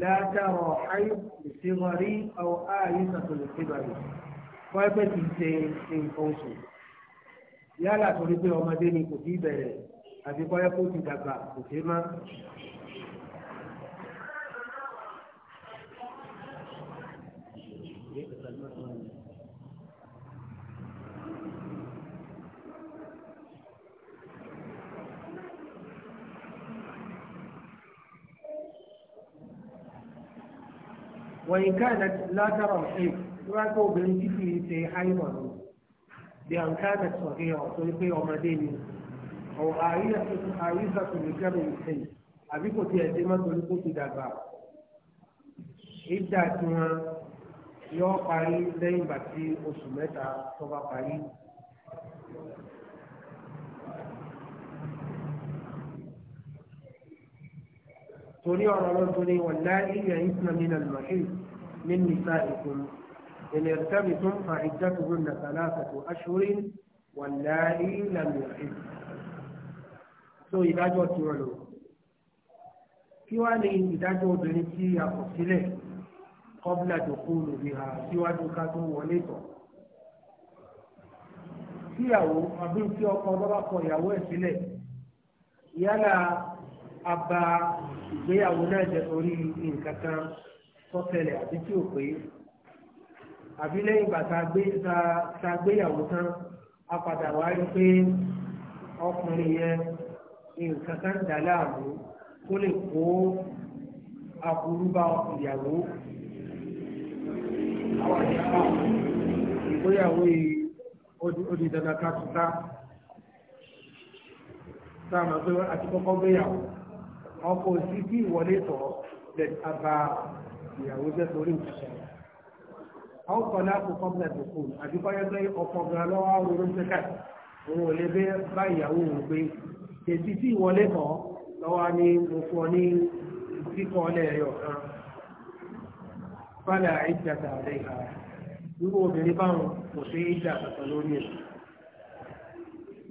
látàrọ̀ ayé ìṣèwárí ọ̀ ààyè sàtòlù síbàrì fọ́ẹ́pẹ́ ti ṣe nǹkan oṣù yálà torí pé ọmọdé ni kò tí bẹ̀rẹ̀ àbí fọ́ẹ́pẹ́ ti dàgbà kò sí mọ́. وإن كانت لا ترى الحيض راكو بنتي في حيضا بأن كانت صغيرة طريقي ومدينة أو عائلة عائلة لكبر الحيض àbíkò tí ẹsẹ má torí kó ti dàgbà ìdá tí wọn yọ parí lẹ́yìn ìgbà tí oṣù mẹ́ta tó bá parí torí ọ̀rọ̀ ló torí wọ̀n láì yẹ ìsìnà nínú àlùmọ̀hìn ní nìsa ìkùn ilẹ̀ tẹ́bi tó ń fa ìjẹ́kùrú nàkàlà àtàkù aṣọ́rí wọ̀n láì làlùmọ̀hìn. so ìdájọ́ ti rọ̀ lò. kí wàá ní ìdájọ́ obìnrin tí a kọ̀ sílẹ̀ kọ́bílà tó kú lòdì hà síwájú ká tó wọlé tọ̀. tíyàwó àbí tí ọkọ ọlọ́wà kọ ìyàwó ẹ̀ sílẹ̀ yálà aba ìgbéyàwó náà jẹ torí nǹkan kan sọ́tẹ̀lẹ̀ àbí tí ò pé àbí lẹ́yìn ìgbà tá a gbéyàwó tán a padà wá rí pé ọkùnrin yẹn nǹkan kan dà láàmú kó lè kó aburú bá ìyàwó ìgbéyàwó yìí ó di dandan ká tuta sáà máa gbé àti kọ́kọ́ gbéyàwó ọkọ̀ sí bí ìwọlé tọ̀ àbá ìyàwó jẹ́ torí òṣìṣẹ́ àwọn kan láàpò kọ́pẹ́ ìbùkún àdúgbọ́yẹ́ pé ọkọ̀ gan lọ́wọ́ oró ń tẹ́kà òun ò lè bẹ́ bá ìyàwó òun pé èsì tí ìwọlé tọ̀ lọ́wọ́ ni mo fọ ní kíkọ́ ọlẹ́rìí ọ̀kan fálà ìjàdà rẹ̀ ìhà irú obìnrin báwọn kò sí ìjà kankan lórí ẹ̀sìn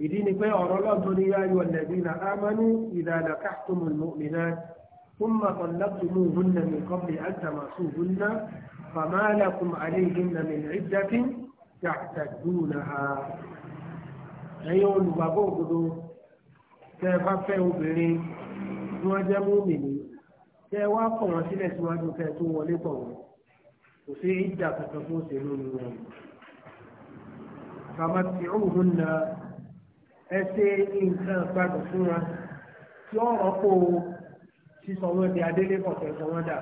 ìdí ni pé ọ̀rọ̀ lọ́dún ní yáyọ ọ̀lẹ́bí na ámánú ìlànà káàtùmù mìíràn fún màkànláàtùmù húnnà mi kọ́bí àtàmásù húnnà fàmálàkùn àléhìnnà mi ìdákin yàtàdúnàá. ẹ̀yin olùgbàgbọ́ òdodo tẹ́ ẹ bá fẹ́ obìnrin tí wọ́n jẹ́ múmìnì tẹ́ ẹ wá kọ̀ wọ́n sílẹ̀ síwájú kẹ́ ẹ tó wọlé pọ̀ wọ́n kò sí ìjà kankan fún òṣèlú ni wọn ẹ ṣe nǹkan gbàgbọ́ fún wa tí ó rọ́pò sísọ wọn di adélé kọ̀ọ̀kẹ́ sọ wọn dà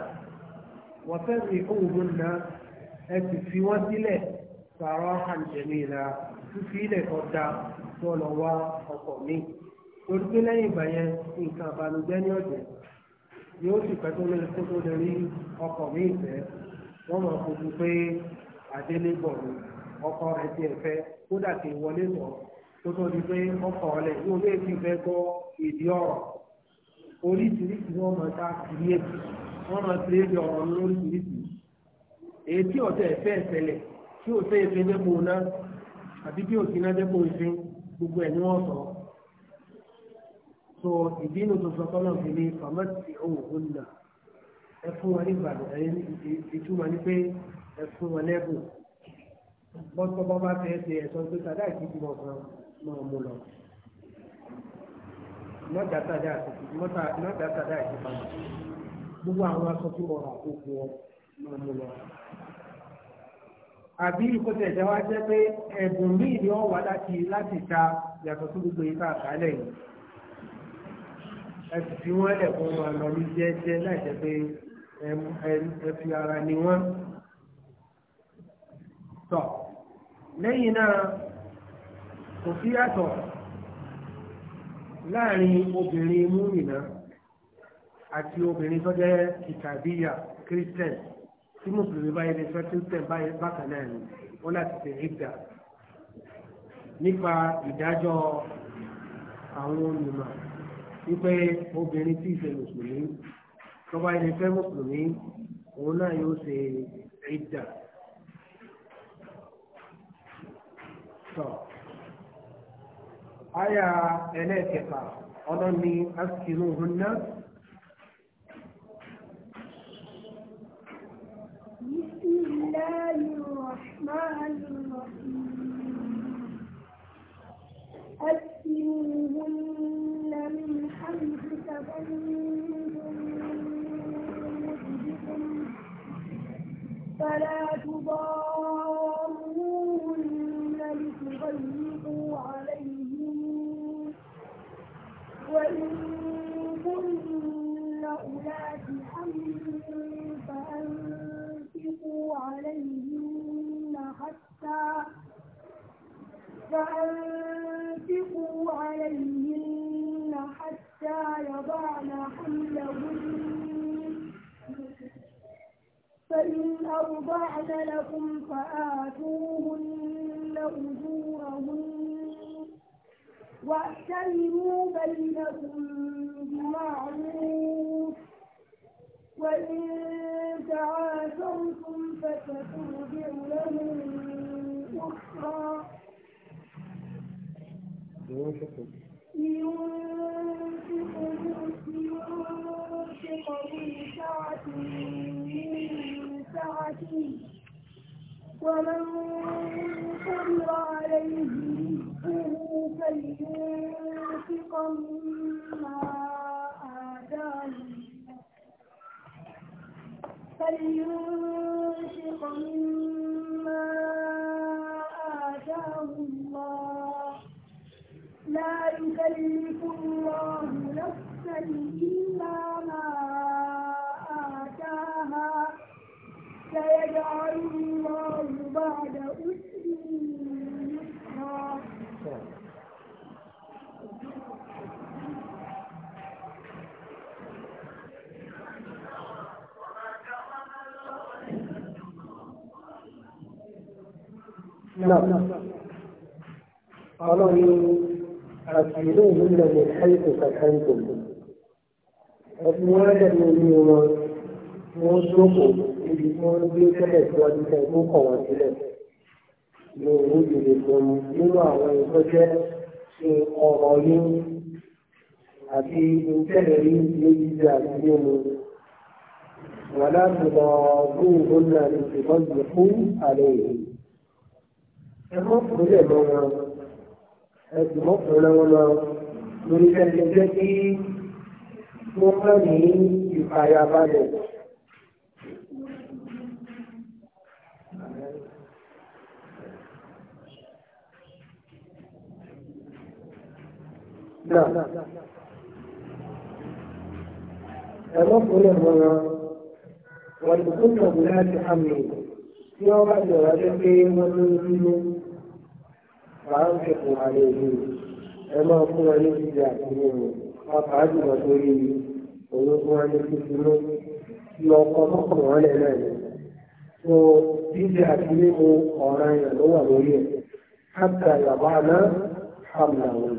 wọ́n fẹ́ fi òun náà ẹ sì fi wọ́n sílẹ̀ sàrọ̀ àǹjẹ̀mí la fífi ilẹ̀ tó da tó lọ wá ọkọ̀ mi torí pé lẹ́yìn ìgbà yẹn nǹkan àbànújẹ́ ní ọ̀jẹ̀ yóò sì pẹ́ tó lé kó tó lè rí ọkọ̀ mi ìfẹ́ wọ́n mọ̀ fojú pé adélé bọ̀ ni ọkọ̀ rẹ̀ ti ẹ̀fẹ́ kódà kì í wọlé lọ kó tó di pé wọ́n kọ̀ ọ́ lẹ̀ bí olóyè ti fẹ́ gbọ́ èdè ọ̀rọ̀ oríṣiríṣi wọ́n máa ta kìrìẹ́tì wọ́n máa ti rédíò ọ̀rọ̀ lóríṣiríṣi èyí tí ọ̀tẹ̀ ẹ̀fẹ́ ẹ̀sẹ̀lẹ̀ tí ò sẹ́yìn fi dẹ́kun iná àbí tí ò sí iná dẹ́kun ìfín gbogbo ẹ̀ ni wọ́n sọ. so ìdínú tuntun tọ́lọ̀ fi ni fàmásì òhun nà ẹ fún wa nígbà ìtumọ̀ ni pé ẹ fún wa lẹ́bùn bọ́sọ̀ bọ́ bá fẹ́ ṣe ẹ̀sọ́ pé sàdáàkì ti mọ̀ sàn. máa mú lọ mọ́tàtàdá ìfipamọ́ gbogbo àwọn aṣọ tí wọ́n rà gbogbo ọ máa mú jẹ́ pé ẹ̀bùn míì ni ọ wà láti láti ta yàtọ̀ sí gbogbo yìí tá a ẹ sì fi wọ́n wọn lọ ní jẹ́jẹ́ láì jẹ́ pé ẹ kò sí yàtọ̀ láàrin obìnrin múmìnà àti obìnrin tó jẹ́ ìtàbíyà christian tí mùsùlùmí báyìí lè fẹ́ christian báyìí bákan náà ni wọ́n láti ṣe ìgbà nípa ìdájọ́ àwọn olùmọ̀ wípé obìnrin tí ìṣe mùsùlùmí tó báyìí lè fẹ́ mùsùlùmí òun náà yóò ṣe ìgbà. So àyà ẹlẹ́ẹ̀kẹfà ọlọ́ni askinuhunna. bisimilayi rahman rahim askinuhunna min hamsi tafandun fala tubar. عليهن حتى فأنفقوا عليهن حتى يضعن حملهن فإن أرضعن لكم فآتوهن أجورهن واعتمروا بينكم بمعروف وإن تعاثرتم سترجع لهم أخرى لينفق ينفق ذو سعة من سعته ومن قدر عليه رزقه فلينفق مما آتاه فلينفق مما آتاه الله لا يكلف الله نفسا إلا ما آتاها سيجعل الله بعد أسر يسرا نعم. نعم قالوا أسئلوهن من حيث سكنتم أبواب المؤمنون وصدقوا يجبون بكلة وتتابوك وكلة من وجودكم لما ويخشى في قرارين أبي إن كبري يجزى بهم ولا تضاروهن لتضيقوا عليهم ẹ mọ́ kúnlẹ̀ mọ́ wọn ẹ sì mọ́ kúnlẹ̀ wọn lọ lórí ẹni jẹ́ kí wọ́n mọ̀ ní ìfàyàbalẹ̀. náà ẹ mọ́ kúnlẹ̀ mọ́ wọn wọ́n ti kúnlẹ̀ mọ́ láti hàmì. tí wọ́n bá jọ̀rọ̀ jẹ́ pé wọ́n ló ń dúró àlẹ́ òní ẹ máa wọn ní ìdí àtúnyẹ̀ wọn pàápàá jùlọ torí òun fún wọn ní tuntun lọ ọkọ̀ mọ́kàn wọn náà ni. ọ̀ràn yẹn ló wà lórí ẹ̀ káàkiri àyàbá náà wọn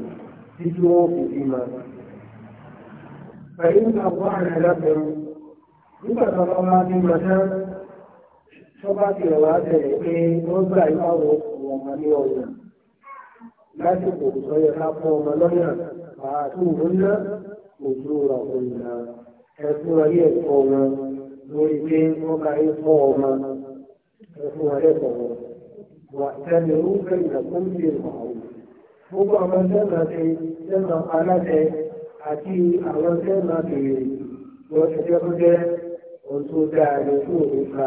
títí wọn kò nígbà tó tó bá ti wà bẹ̀rẹ̀ pé wọ́n gbà ìbáwọ̀ ọ̀pọ̀ ọmọ ní ọ̀nà lásìkò tó yẹ ká fọ́ ọmọ lọ́nà pàtó òǹnà òjò ra òǹnà ẹ̀fún ayé ẹ̀fọ́ wọn lórí pé wọ́n ká ń fọ́ ọmọ ẹ̀fún ayé ẹ̀fọ́ wọn. wà tẹ́lẹ̀ ó fẹ́ ìdàkùn sí ìmọ̀ gbogbo àwọn sẹ́nà ṣe sẹ́nà aláṣẹ àti àwọn sẹ́nà bèrè lọ́sẹ̀ jẹ́ kó dáa ní fún òun fa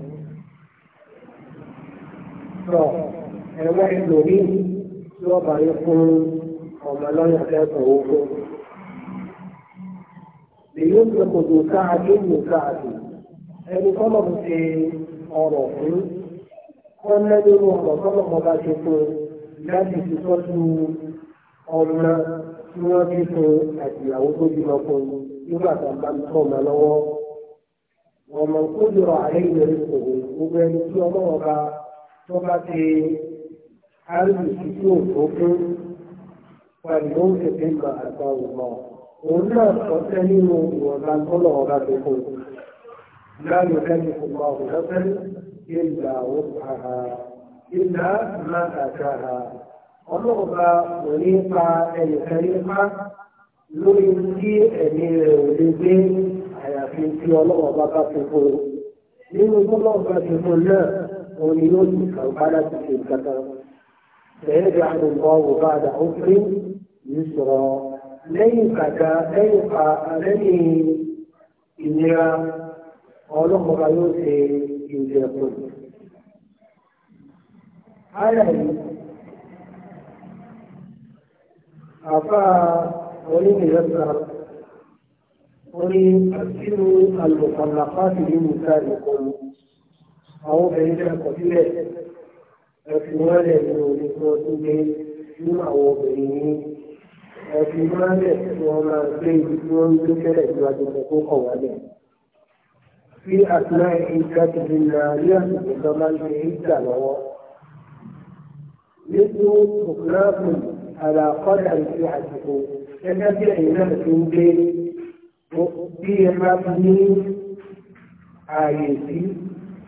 sọ ẹ̀wọ́ ìlòmí tí wọ́n bá yẹ fún ọmọ lọ́yọ̀ kẹ́kọ̀ọ́ owó. Èyí ń pè kòtò káàdé ní káàdé. Ẹni kọ́lọ̀ ń ṣe ọ̀rọ̀ fún. Wọ́n ń lẹ́nu inú ọ̀rọ̀ kọ́lọ̀ mọ́ bá ṣe fún láti fi tọ́jú ọmọ tí wọ́n bí fún àtìyàwó tó bí lọ fún nígbà tá bá ń tọ́ ọmọ lọ́wọ́. Ọmọ kó lè àlẹ́ ìlú rẹ̀ gbogbo ẹni tí ọlọ́wọ́ bá tó bá ti àrùn títí òkú fún pẹ̀lú òṣèlú ìgbà àgbà òmò òun náà sọ́tẹ́ nínú ìwọ̀nba tọ́lọ̀ ọba tó kù láàrín lẹ́nu ọmọ òṣèlú ìlà òkàrà ìlà máa àkàrà ọlọ́ọ̀ba kò ní pa ẹnìkan nípa lórí tí ẹ̀mí rẹ̀ ò lè gbé àyàfi tí ọlọ́ọ̀ba bá ti kù nínú tọ́lọ̀ ọba tó kù náà òun ni yóò sì kàǹpá láti ṣe ìkàtà bẹ́ẹ̀ bí àwọn ọmọ ọba àdá ó pé yìí sọ̀rọ̀ lẹ́yìn kàkà lẹ́yìn pa lẹ́yìn ìnira ọlọ́mọba yóò ṣe ìjẹ̀kùn. Ara yìí, àfa onímìíràn orí àti àlùkọ̀lá àwọn obìnrin náà kọ̀ sílẹ̀ ẹ̀fìn wọn lẹ̀ ní òní tí wọ́n tún gbé nínú àwọn obìnrin ní ẹ̀fìn wọn lẹ̀ tí wọ́n máa gbé ibi tí wọ́n ń gbé tẹ́lẹ̀ ju agbègbè tó kọ̀ wálẹ̀. Fi àtúná ìgbà tó ti na ní àsìkò tó máa ń ṣe ìgbà lọ́wọ́. Nítorí òkúráàbù àlàkọ́dà ti àsìkò gẹ́gẹ́ bí ẹ̀yin náà ti ń gbé bí ẹ máa ní ààyè sí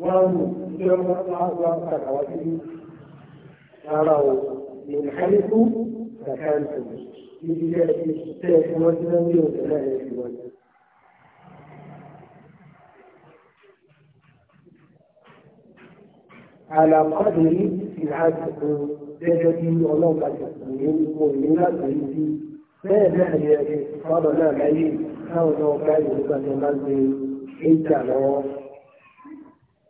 وهم يوم الأرض كروته تروا من حيث سكنتم بجهة الشتات والزميل لا يجوز على قدر سعادكم تجدي ولو تكون مؤمنة به فلا يجب قبل العيد أو لو كان يتمنى إن كان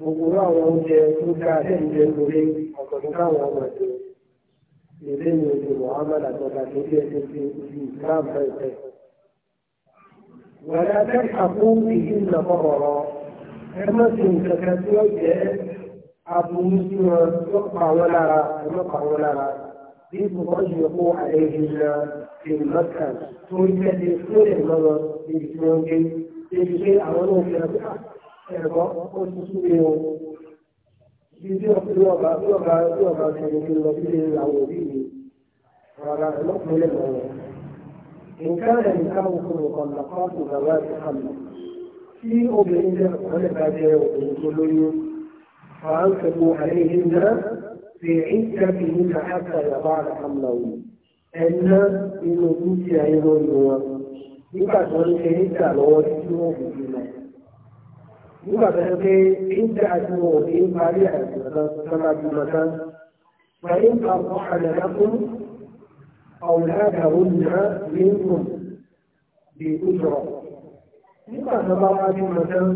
gbogbo àwọn oúnjẹ tó ká àtẹ̀jẹ́ lórí ọ̀kọ̀tún káwọn ọmọ ẹ̀dọ́ lèdè ní oṣù Muhammad àtọ́ka tó bí ẹni tí ó fi Islam bẹ́ẹ̀ bẹ́ẹ̀. wàdà kẹ́kọ̀ọ́ ìlú nàkọ̀rọ̀ ẹ má ti nǹkan kan tí ó jẹ́ aburú sí wọn tó pa wọn lára ẹ má pa wọn lára bí bùkọ́ yìí kó àlejò náà ti mọ́kà tó ń tó lè mọ́ wọn ibi tí wọ́n gbé ibi tí àwọn náà fi ẹ̀rọ ó ti súre o bí ọ̀gá bí ọ̀gá bí ọ̀gá bí ọ̀gá ṣe ń lọ sí àwọn òbí mi rárá ẹlọ́kùnrin lọ́wọ́ nǹkan rẹ̀ nǹkan òkúrò kan lọ́kọ́ tó bàbá ẹ̀ kàn mí tí obìnrin jẹ́ ọ̀rẹ́ bá jẹ́ òkúrò tó lóyún فأنفقوا عليهن في عدتهن حتى يضعن حملهن ẹ̀nà inú dúkìá inú ìwọ̀n nígbà tí wọ́n ń ṣe nígbà lọ́wọ́ tí wọ́n fi bímọ. nígbà tó ṣe pé ìjà àti wọn ò ní parí àìsàn tó máa bí mọ tán pẹ̀lú àwọn àdàlákùn ọ̀làdàrún náà lẹ́kùn bí ìjọrọ̀ nígbà tó bá wá bí mọ tán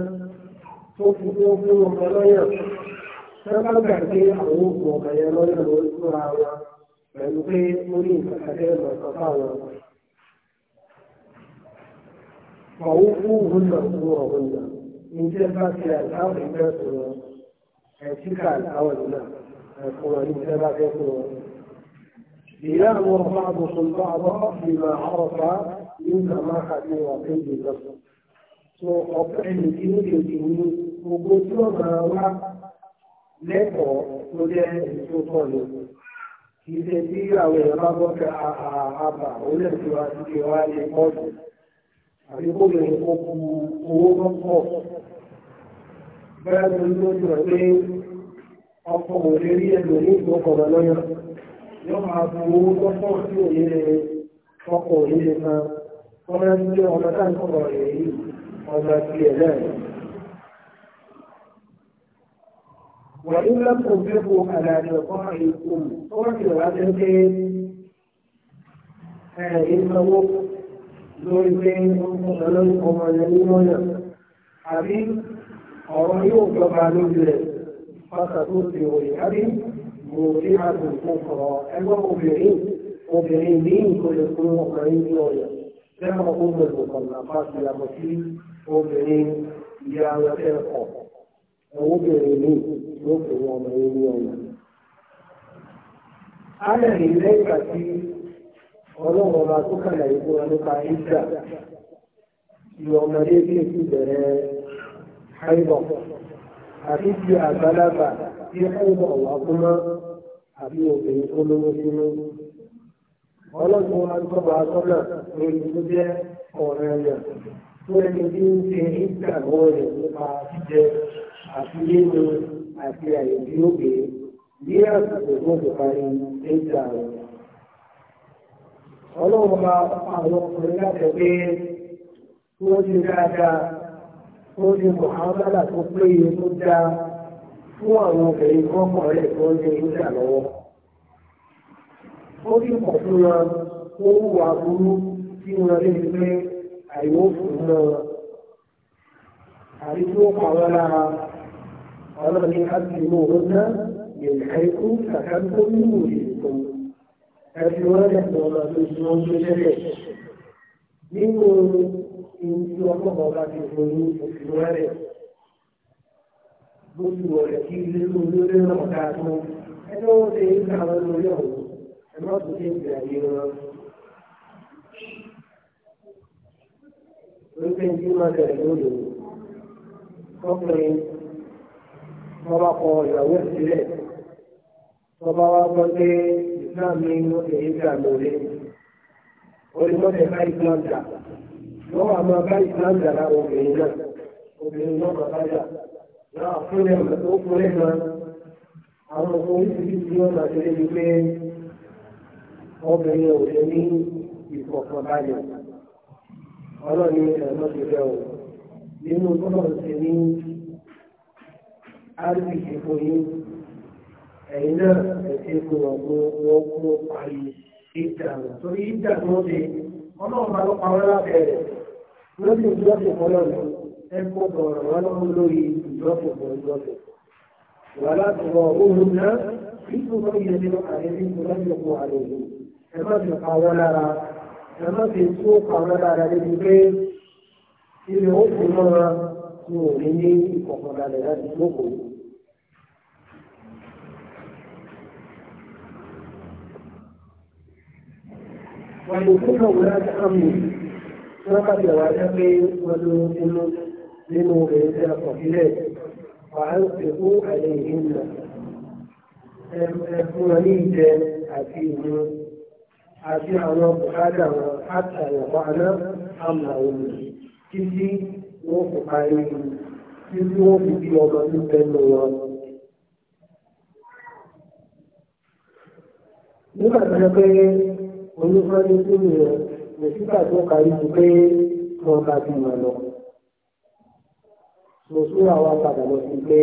tó fi tó fún ọmọ lọ́yàn tó bá gbà pé àwọn oògùn ọmọ yẹn lọ́yàn ló ń fúnra wọn pẹ̀lú pé ó ní ìfàkàtẹ́ ìmọ̀sán fáwọn ọmọ. فوقوهن أجورهن ní tí ẹ bá ti àláwọ̀ ìgbẹ́ sọ̀rọ̀ ẹ̀tíkà àláwọ̀ náà ẹ̀kọ́ ní tí ẹ bá fẹ́ sọ̀rọ̀. ليأمر بعضكم بعضا بما عرف من سماحة وقيد النفس. So ọ̀pẹ́ ẹni tí ó lè ti ní gbogbo tí ó máa wá lẹ́kọ̀ọ́ tó jẹ́ èso tọ́ ni. Kì í ṣe bí àwọn èèyàn bá bọ́ ká àbà ó lè fi wá sí àbí kó lè kó kú owó tó pọ̀ bẹ́ẹ̀ tó ló ti rẹ̀ pé ọkọ̀ ò lè rí ẹgbẹ̀ ní ìgbọ́kọ̀rọ̀ lọ́yọ̀ yóò máa bu owó tó pọ̀ lórí pé ọlọ́run ọmọ rẹ̀ ní lọ́nà àbí ọ̀rọ̀ yóò jọba lórí rẹ̀ pàtàkì ti òye àbí mo rí àtúntò kọ̀ọ̀ ẹgbẹ́ obìnrin obìnrin ní ìkọlẹ̀ fún ọkùnrin ní ọ̀yà lẹ́wọ̀n ọmọ ìkọ̀ọ̀nà pàṣẹ àmọ́ sí obìnrin ìyá rẹ̀ ẹ̀kọ́ obìnrin ní lókè ọmọ ìní ọ̀yà. ọlọ́run ọba tó kàlàyé fún wa nípa ìgbà ìwọ ọmọdé bí èsì bẹ̀rẹ̀ àìbọ̀ àti ti àgbàlagbà tí àìbọ̀ wà fún àbí obìnrin tó lówó sínú. tó bá jẹ́ ọ̀rẹ́ rẹ̀ ẹni tí ń ṣe ìgbà lọ́wọ́ rẹ̀ nípa jíjẹ àti yíyan àti àyè tí ó gbé bí tó parí ìgbà rẹ̀. ọlọ́run máa àwọn ọkùnrin láti pé wọ́n ti dáadáa wọ́n ti mọ̀hámádà tó péye tó dáa fún àwọn obìnrin kọ́kànlẹ̀ tó ń ṣe ìjà lọ́wọ́. ó sì pọ̀ fún wọn ó hùwà burú tí wọ́n lè pé àìwó fún wọn àbí tí ó pa wọn lára ọlọ́run ní ká mú òun náà yẹ̀lẹ̀ ẹ̀kú nínú ìṣètò àti ọba kọ ìyàwó ìsílẹ̀ tọ́ba wá gbọ́ pé islam ní èyí gbà lórí onímọ̀tẹ̀ bá islam dà wọ́n wà máa bá islam dà lára obìnrin náà obìnrin náà bàbá dà náà fún ẹ̀ ó fún ẹ̀ náà àwọn ọkọ̀ oríṣiríṣi wọn máa ṣe lébi pé obìnrin ò lè ní ìfọ̀kànbalẹ̀ ọlọ́ọ̀ni ẹ̀rọ ti bẹ̀ ọ́ nínú tọ́lọ̀ ṣe ní rpc fún yín ẹ̀yìn náà ẹ̀sẹ̀ fún wọn kó wọ́n kó parí ìdà wọn torí ìdà tó ń ṣe ọlọ́run bá ló pa wọn lábẹ́rẹ̀ lọ́sìn ìjọsìn kan náà ni ẹ kó bọ̀rọ̀ wọn lọ́wọ́ lórí ìjọsìn kan ìjọsìn. wàhálà tó wọ ohun náà fífún náà yẹ nínú àyẹ̀fí fún lọ́sìn kan àlejò ẹ má pa wọn lára ẹ má tó pa wọn lára òkúta wùlá ti àmì wọ́n pàdé wà jẹ́ pé wọ́n ló ní ìjẹ àwọn bùkátà wọn àtàwọn àná àmà òní títí wọn kò parí títí wọn fi ọmọ ní nígbà onífọ́nì tí mi rẹ̀ lè sígbà tó kárí ju pé wọ́n bá ti mọ̀ lọ. mo súra wa padà lọ sí pé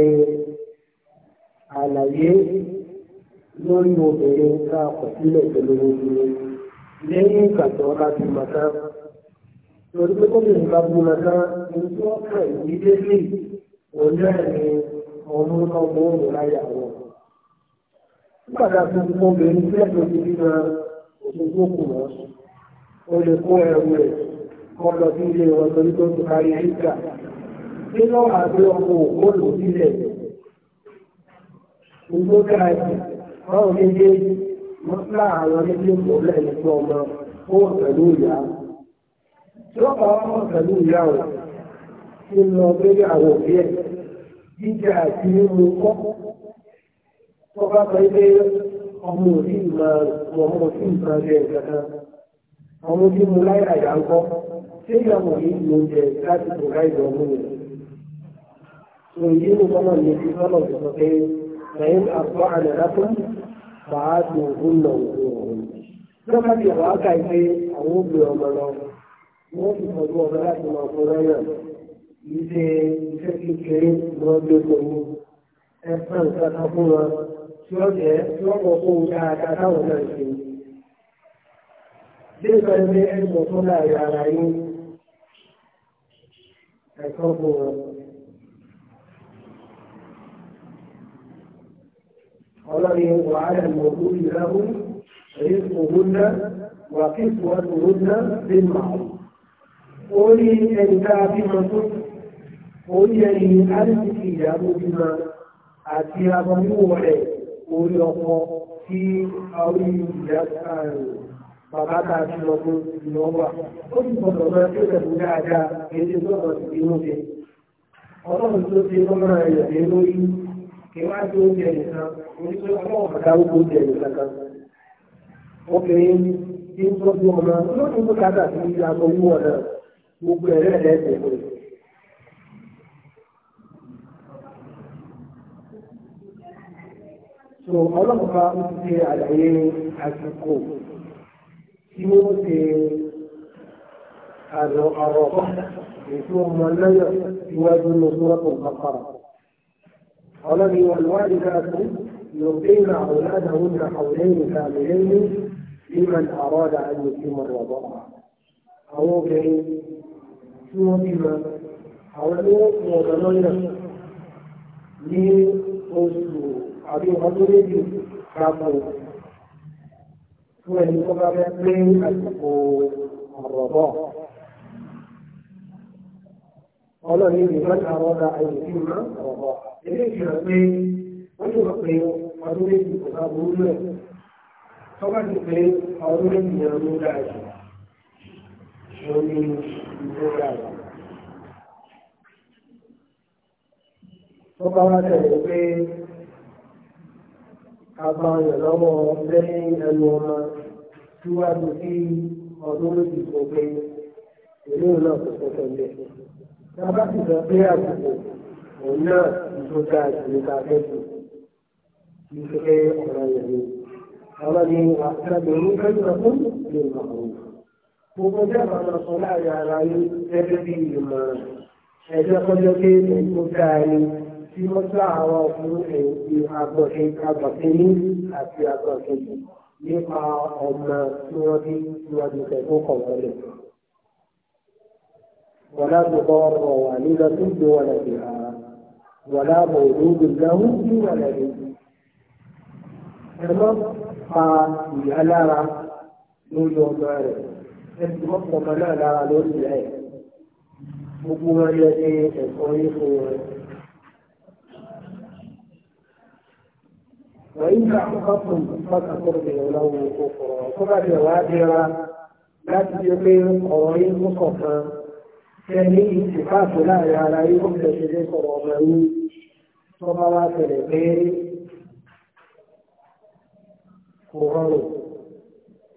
àlàyé lórí obìnrin ká àkọsílẹ̀ pẹ̀lú obìnrin lẹ́yìn ìgbà tí wọ́n bá ti tán. lórí pé kóbìnrin bá bú mọ̀ tán ní tí wọ́n kàn délé òun náà ni ọmọ ọmọ òun láyà wọn. nígbà tá a fi gbogbo obìnrin sílẹ̀ tó ti bí náà gbogbo kù lọ o lè kó ẹrù rẹ̀ kọ́ lọ sí ilé wọn torí tó ti kárí ìgbà nínú àgbẹ̀ ọkọ̀ òkúlù sílẹ̀ gbogbo káàkiri báwo ní ilé mọ́tà àwọn ilé ìmọ̀lẹ́ nípa ọmọ ó wà pẹ̀lú ìyá tí ó ọmọ pẹ̀lú ìyá wọn tí lọ lórí àwọn òbí ẹ̀ jíjà àti mímu kọ́ ọmọ òsì máa ọmọ òsì máa jẹ ìkankan ọmọ tí mo láì àyà ń kọ́ ṣé ìyàwó yìí ló ń jẹ láti kò láì lọ mú mi. sọ èyí ló sọ́nà mi ti sọ́nà tó sọ pé ṣẹ́yìn àpò àdàdàpọ̀ bàá tó ń nà òkú òun. lọ́kàn tí àwọn àkà ìpè àwọn obìnrin ọmọ lọ wọ́n ti sọ̀rọ̀ ọmọ láti máa fún lọ́yà ìṣe iṣẹ́ kékeré lọ́dún tó tí ó jẹ́ tí ó kọ̀ fún dáadáa táwọn náà ṣe. Bí ìgbà ní ẹ̀sùn tó láàrin ara yín, ẹ̀sọ́ fún wọn. Ọlọ́rin wàhálà mọ̀kú ìlàwó, èyí òun náà, wà kí ìfọwọ́n òun náà bí màá. Orí ẹni tá a bímọ fún, orí ẹni àdìsí ìyàwó bímọ àti abọ́mú rẹ̀. orí ọkọ tí orí ìyá bàbá tá a ti ìlú ọgbà ó sì gbọdọ̀ lọ sí ìṣẹ̀lú dáadáa tó ọlọ́run tó ṣe ẹ̀yọ̀ lórí kí wá nìkan tó ọlọ́run bàtà ó nìkan kan obìnrin tí ń tọ́jú ọmọ lọ́dún tó kádà sí so ọlọ́pàá ń ṣe àlàyé àsìkò tí ó ṣe àrò ọ̀rọ̀ ètò ọmọ lẹ́yọ̀ iwájú ní sọ́rọ̀tò kápára ọlọ́ni wàlúwàdí káàkiri يرضين أولادهن حولين كاملين لمن أراد أن يتم الرضاعة أو بين سوى بما حولين وبنين لأسلوب àbí ọmọdé lébi káàmù fún ẹni tó bá fẹ́ pé àsìkò ọ̀rọ̀ Ọlọ́run ní ìgbà tí àwọn ọ̀dà àyè sí ìmọ̀ ọ̀rọ̀ bọ̀. Ilé ìṣirò pé wọ́n ti rò pé ọdún lébi kò bá burú lẹ̀. Tọ́ba ti pé ọdún lébi yẹn ló dáa jù. Ó ní ìlú dáa jù. Tọ́ba tẹ̀lé pé agbáyọ̀ lọ́wọ́ lẹ́yìn ẹnu ọmọ síwájú sí ọdún méjì tó pé ìlú náà kò tó tẹ̀lé. Tábà sì sọ pé àbùkù òun náà tó ga ìgbà tẹ́jú kì í ṣe pé ọ̀rọ̀ yẹn ni. Àwọn ni àtàgbè ní ẹ̀yìn ọdún lè mọ̀ ọ́. Gbogbo jẹ́ àwọn ọ̀sán láàrin ara yín gẹ́gẹ́ bí ìmọ̀ràn. Ẹ̀jẹ̀ kọjọ́ pé ó dáa ni tí ó dá àwọn ọkùnrin èyí agbọ̀ṣe agbọ̀ṣe ní àti agbọ̀ṣe nípa ọmọ tí wọ́n bí tí wọ́n bí tẹ̀kọ́ kọ̀ọ̀lẹ̀. ولا تضار والدة بولدها ولا مولود له بولده ẹ̀rọ pa ìyá lára lórí ọmọ rẹ̀ ẹ̀sùn ọ̀pọ̀ ọmọ náà lára lórí ẹ̀ gbogbo wọn yẹ ẹ̀kọ́ yìí fún wọn وإن أحققتم فتذكر له أخرى ثم جوابها لا تجيبين قرين مصطفى كان اتفاق لا يعلى يوم تشريك الرمي صلوات الغير قرار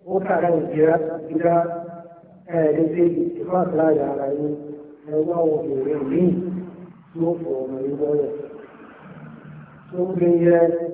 وكان الجهاد إلى آلته اتفاق لا يعلى يوم تشريك الرمي يوم تشريك الرمي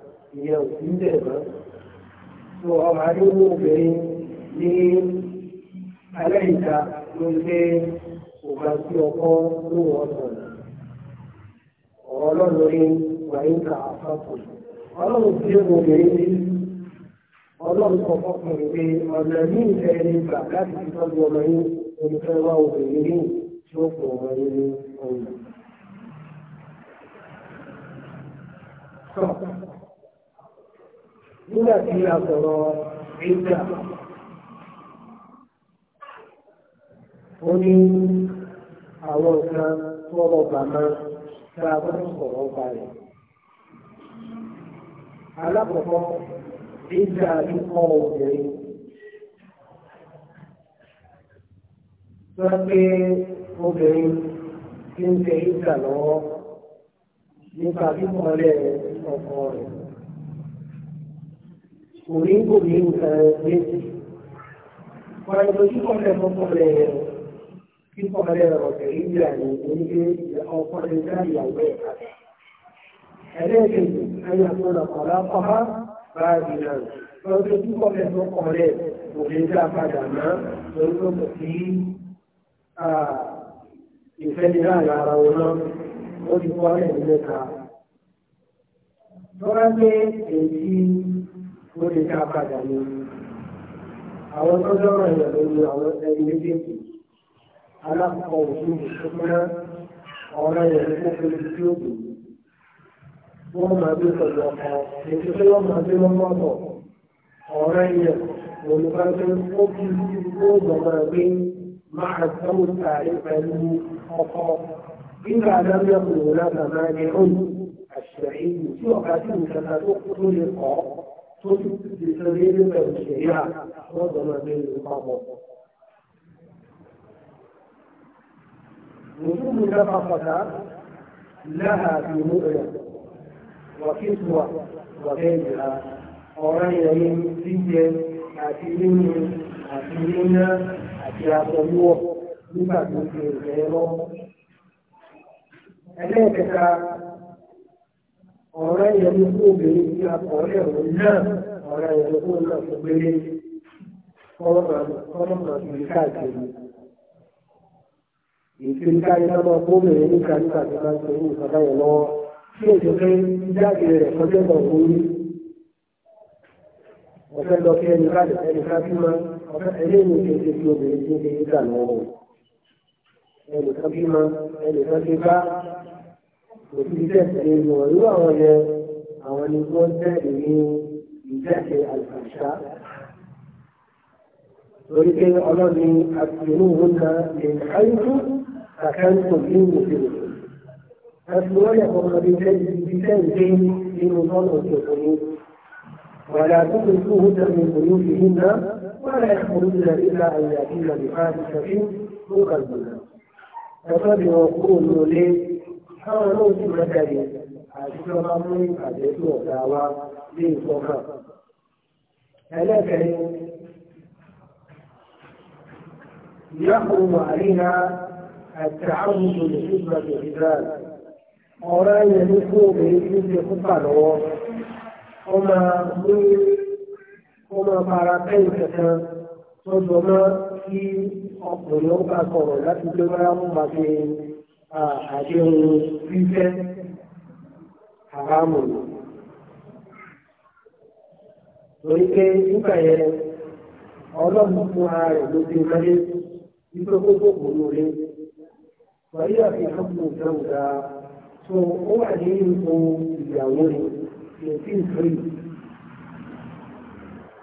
ìyẹn ò sí bẹ̀ mọ́. tó ọmọ adéwọ́ obìnrin ní alẹ́ ìta ló ń gbé ògbà tí ọkọ ló wọ́n sọ̀rọ̀. ọ̀rọ̀ ọlọ́run ní wàyíǹkà àpapọ̀. ọlọ́run tí ó obìnrin ní ọlọ́run kọ̀ fọkùnrin pé ọ̀nà ní ìfẹ́ ẹni gbà láti fi tọ́jú ọmọ yín olùfẹ́ wá obìnrin ní tí ó pọ̀ ọmọ yín ní ọ̀nà. Thank you nígbà tí a sọ̀rọ̀ ìgbà ó ní àwọn nǹkan tọ́rọ̀ bàmá tá a bá sọ̀rọ̀ ọba rẹ̀. alákọ̀ọ́kọ́ ìgbà ikọ̀ obìnrin tó pé obìnrin tí ń tẹ ìgbà lọ́wọ́ nípa kíkọ́ lẹ́ ọkọ rẹ̀ kò ní kò ní nǹkan létí. Wọ́n lọ sí kọ́lẹ̀ fọ́kọ́lẹ̀ kí kọ́lẹ̀ ọ̀tẹ̀ ìgbà ní onígbé ọkọ̀lẹ̀ dáàbì àwẹ̀ ìkàtà. Ẹlẹ́ẹ̀kejì, ẹ̀yà tó nà kọ̀lá kọ́lá bá di náà. Wọ́n lọ sí kọ́lẹ̀ fọ́kọ́lẹ̀ sobre ní dá padà náà lórí tó a sí ìfẹ́ ní láàrín ara o náà. Ó ti kọ́lẹ̀ nílẹ̀ ká. Tọ́lá pé èyí ó lè ká padà ní àwọn tó lọ́rọ̀ ẹ̀yà lórí àwọn ẹni méjèèjì alákọ̀ọ́ òfin ìṣúná ọ̀rọ̀ ẹ̀yà ní kókó ní tí ó dùn wọ́n máa gbé pẹ̀lú ọkọ̀ èyí tó wọ́n máa gbé lọ́mọ́ ọ̀tọ̀ ọ̀rọ̀ ẹ̀yà olùkọ́ni ó bí ó gbọ̀ngàn gbé máa sọ́wọ́ tààrí pẹ̀lú ọkọ̀ nígbà adájọ́ kò lọ́nà màmá àṣìṣe èyí tí ọ̀gá في سبيل الشريعة بين القبر وجود نفقة لها في مؤنة وكسوة وغيرها أرين سجن أتيني أتيني أتياتيو nígbà tó ṣe ìfẹ́ lọ. ọ̀rẹ́ yẹn ní kó obìnrin tí a kọ̀ ọ́lẹ̀ òun náà ọ̀rẹ́ yẹn ní kó náà kó gbélé kọ́mọ̀mọ̀ ìlú káàkiri. Ìfìlú káyé náà máa kó obìnrin ní kájú Tí èso pé jáde rẹ̀ kọjá Ọ̀fẹ́ lọ kí ẹni ká ẹni ká bí máa ọ̀fẹ́ ẹlẹ́yìn kí ẹni tí obìnrin tí ń ṣe é gbà lọ́wọ́. Ẹnì kan máa ẹnì kan bá وتجسد الموضوع أو أن يكون ولكي أمرني أسكنوهن من حيث سكنتم من مسلمين أسلونكم بكنزهم في مضر الكفرين ولا تدركوهن من بيوتهن ولا يدخلن إلا أن يأتين بفاحشة مقدمة فقد وقولوا لي táwọn náà sì máa jáde àti tí wọ́n bá mú àjẹsí ọ̀gá wa lé ìfọkàn. ẹlẹ́kẹ̀ẹ́ يحرم علينا التعرض لحزمة الرجال ọ̀rọ̀ ẹ̀yẹ ní fún obìnrin tí ń púpà lọ́wọ́ ó máa mú ó máa fara pẹ́yìn kankan tó jọ mọ́ kí ọkùnrin ó bá sọ̀rọ̀ láti gbé wáyà mú máa ṣe àdéhùn fífẹ́ haramu nù. Torí pé nígbà yẹn ọlọ́run fún ara rẹ̀ ló ti mọ́lé wípé gbogbo kò lóore. Wàyí àfi fọ́pù ìdáhùdá tó ó wà ní ipò ìyàwó rẹ̀ lè fi ìfúri.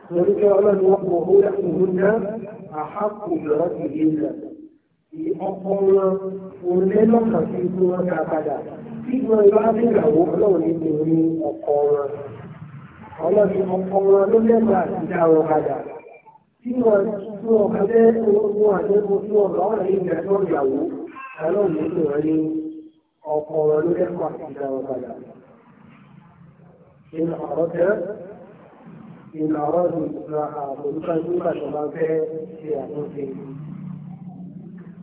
Torí pé ọlọ́run wọn kò hó lẹ́kùn lóná àhákù lọ́rọ̀ ìdí ìlànà ọkọ wọn òní lọ́kàn sí wọn ká padà tí wọn bá níyàwó ọlọ́run nínú ní ọkọ wọn ọlọ́run ọkọ wọn ló lẹ́gbàá àti dá wọn padà tí wọn tún ọkọ jẹ́ ohun àjẹkùn tí wọn bá wọn ní ìdájọ́ ìyàwó ọlọ́run nínú wọn ní ọkọ wọn ló lẹ́gbàá àti dá wọn padà. إن أردت إن أرادوا إصلاحا ملكا ملكا فما فيه في أنفسهم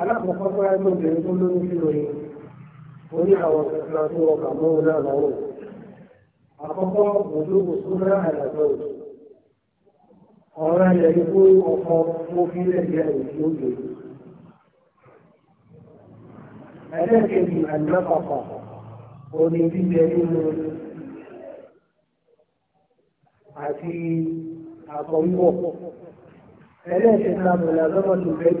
alákọ̀ọ́kọ́ tó yẹ lóbìnrin tó lóyún sí lóyún orí àwọn ìṣẹ̀lẹ̀ tó wọ kàmú náà lọ́wọ́ àkọ́kọ́ òjò òṣù náà àyàtọ̀ ọ̀rọ̀ ilẹ̀ ní fún ọkọ̀ mo fi lẹ́gbẹ̀ẹ́ àyè tí ó lè ẹlẹ́kẹ̀ẹ́bí àlùmọ́pàpà òní jíjẹ nínú àti àkọ̀wíwọ̀ ẹlẹ́kẹ̀ẹ́ta mọ̀lá lọ́mọdún bẹ́ẹ̀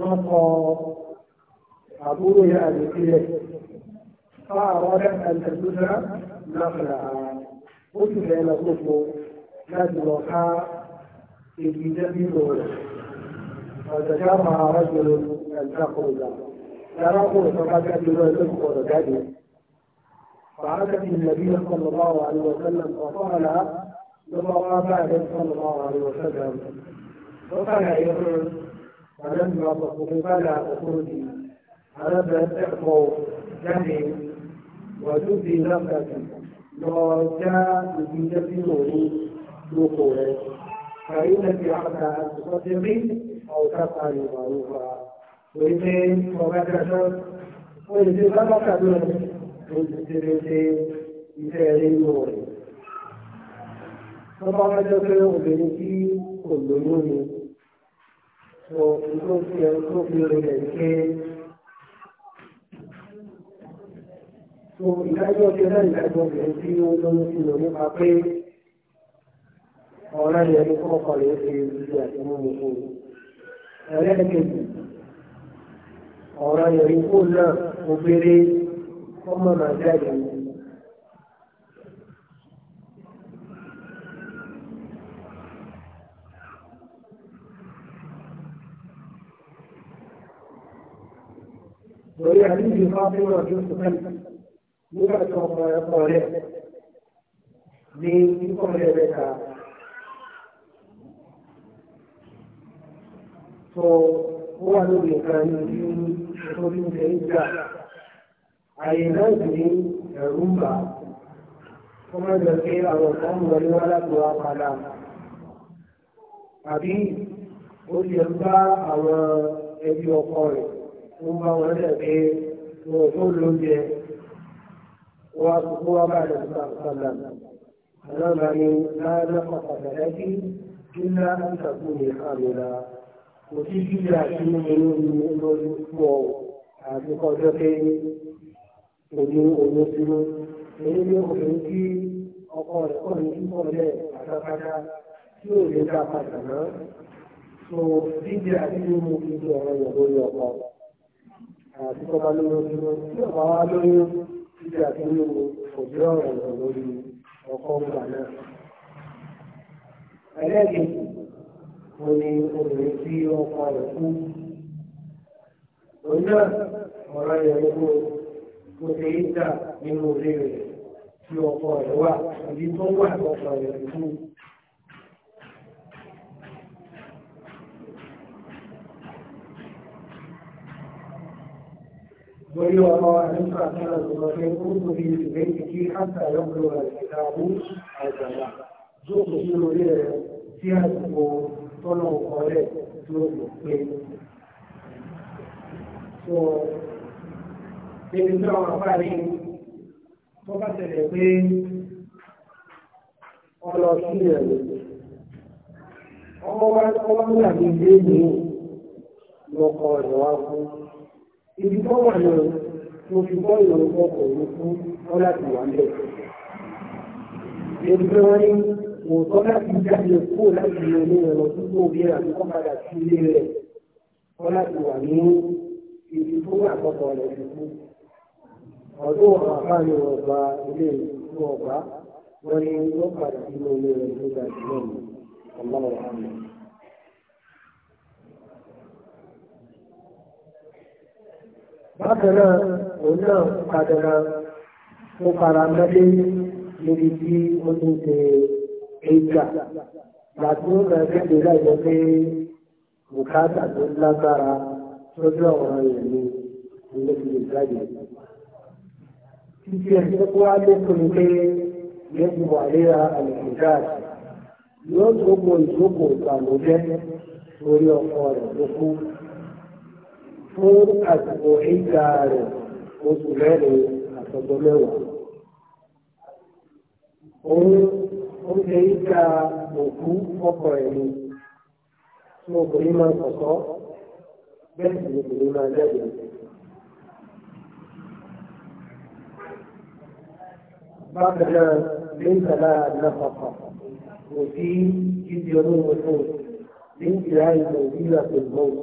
wọ́n kọ àbúrò yà ní ilẹ̀ fáàrọ̀ àtẹ̀lúdà náfàlà ó sì fẹ́ lọ gbogbo láti lọ ká èdè jẹ́bí lọ́rẹ̀ ọ̀dọ̀dáwà rọ́jòrò ẹ̀dákọ̀ọ̀dà yarákùnrin tó bá jáde lọ ẹgbẹ́ ìkọ̀ọ̀dọ̀ jáde فعادت النبي صلى الله عليه وسلم فقال لما بعد صلى الله عليه وسلم وقال يقول فلما قبل خروجي أردت أن تحفظ دمي وتبدي نفسك وجاء بجد نوري دخولك فإنك على أن تصدقي أو تفعلي معروفا وإذن وبكت وإذن لبكت من تريد إسرائيل نوري. Tọ́ba mẹ́jọ pé obìnrin tí kò so ló fi ló fi rẹ̀ pé so ìdájọ́ ti rẹ̀ ìdájọ́ rẹ̀ tí ó lóyún sí lò nípa pé ọ̀rẹ́ rẹ̀ ní kọ́kọ́ rẹ̀ ṣe ìrírí àti mímú fún un ẹlẹ́ẹ̀kejì ọ̀rẹ́ rẹ̀ ní kó náà obìnrin ọmọ nàìjíríà yìí وهي هذه فاطمة بنت خلف ملك الطالع من قريتها فهو الذي كان في شغل كعزة عيناته الرمبة كما ذكر الرسول والولد والقلم أبي قل يرضى على أبي وقارئ mo bá wọn lẹ̀ pé wọn ò tó lóúnjẹ wọn àkókò wa bá lè fún àkọsọ́lá àlọ́mà ni láàrín ọ̀pọ̀lọpọ̀ ẹbí nílá ìtàkùn ní àmìlà kò sí jíjà sí inú mi lórí pọ̀ àti kọjọ́ pé òní òní dúró èyí ni obìnrin tí ọkọ rẹ̀ kọ́ ní kíkọ́ lẹ̀ pátápátá tí ò lè dá padà mọ́ so jíjà sí inú mi ti ọ̀rọ̀ yẹ̀ lórí ọkọ àti kọ́mọ lórí tí lórí títí àti nínú òjú ọ̀rọ̀ lórí ọkọ̀ ọgbà náà. ẹlẹ́gbẹ̀ẹ́ mo ní obìnrin tí ọkọ rẹ̀ kú. òun náà ọ̀rọ̀ yẹn ló kó mo ṣe é dà nínú ilé rẹ̀ tí ọkọ rẹ̀ wà àbí tó wà lọ́kọ̀ rẹ̀ kú. ولو ما نفع كان الرجل كله في بيته حتى يبلغ الكتاب أجله زوج يقول لي فيها tọ́nà ọ̀rẹ́ tó lò pé. So, ebi tí àwọn àbá rí tó bá tẹ̀lé pé ọlọ sí ẹ̀rọ. Ọmọ wa ọmọ náà ní ilé ìlú lọ́kọ̀ rẹ̀ wá fún ibi kọ́ wà náà mo fi kọ́ ìrọ̀rùn ọkọ̀ fún wọn láti wà ńbẹ̀. Ebi pé wọ́n ní kò tọ́ láti jáde kúrò láti ilé ilé rẹ̀ lọ sí bí àti kọ́ padà sí ilé rẹ̀ wọ́n láti wà ní ibi tó wà kọ́kọ́ rẹ̀ ti kú. Ọ̀dọ́ ọ̀rọ̀ àfáàní ọ̀gbà ilé ìlú ọ̀gbà wọ́n ní yóò padà sí ilé rẹ̀ nígbà tí wọ́n mú ọlọ́run àmì. bákan náà òun náà padà ó fara mọ́lé níbi tí ó ti ń ṣe ìjà láti ó lọ kéde láìpẹ́ pé bùkátà tó lágbára lójú ọ̀rọ̀ rẹ̀ ní ilé ìlú Títí wá pé wà léra yóò tó lórí ọkọ rẹ̀ fún àsìkò ìgbà rẹ̀ oṣù mẹ́rin àtọ́jọ́ mẹ́wàá. Òun ó ṣe ìgbà òkú ọkọ ẹ̀ ni tí obìnrin máa kọ̀kọ́ bẹ́ẹ̀ sì ni obìnrin máa jáde. Bákan náà, lẹ́ńtàlá nàfàkà kò sí jíjẹ olóhùn fún ní ìlà ìmọ̀ ìlú àti ìmọ̀ òkú.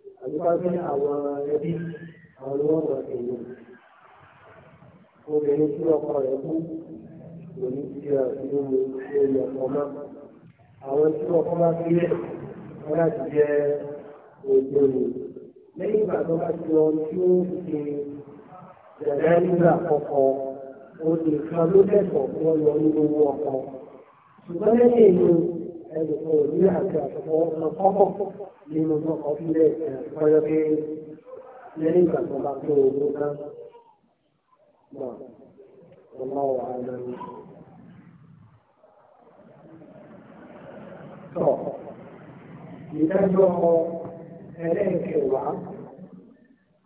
àbíká pé àwọn ẹbí àwọn ni wọ́n mọ̀ èyí obìnrin tí ọkọ rẹ̀ kú kò ní ti ra ìlú mi lórí ọkọ mọ́ àwọn tí ọkọ bá fi lẹ̀ wọ́n láti jẹ́ òjò ni lẹ́yìn ìgbà tó bá tí ó ń fi ó lè kan ló lẹ́kọ̀ọ́ fún ẹni kan ò ní àti àfọwọ́sán kọ́kọ́ nínú ọkọ̀ sílẹ̀ ọyọ́ pé lẹ́yìn ìgbà tó bá tó owó náà náà ọmọ wà lẹ́nu. Tọ́ ìdájọ́ ẹlẹ́ẹ̀kẹwàá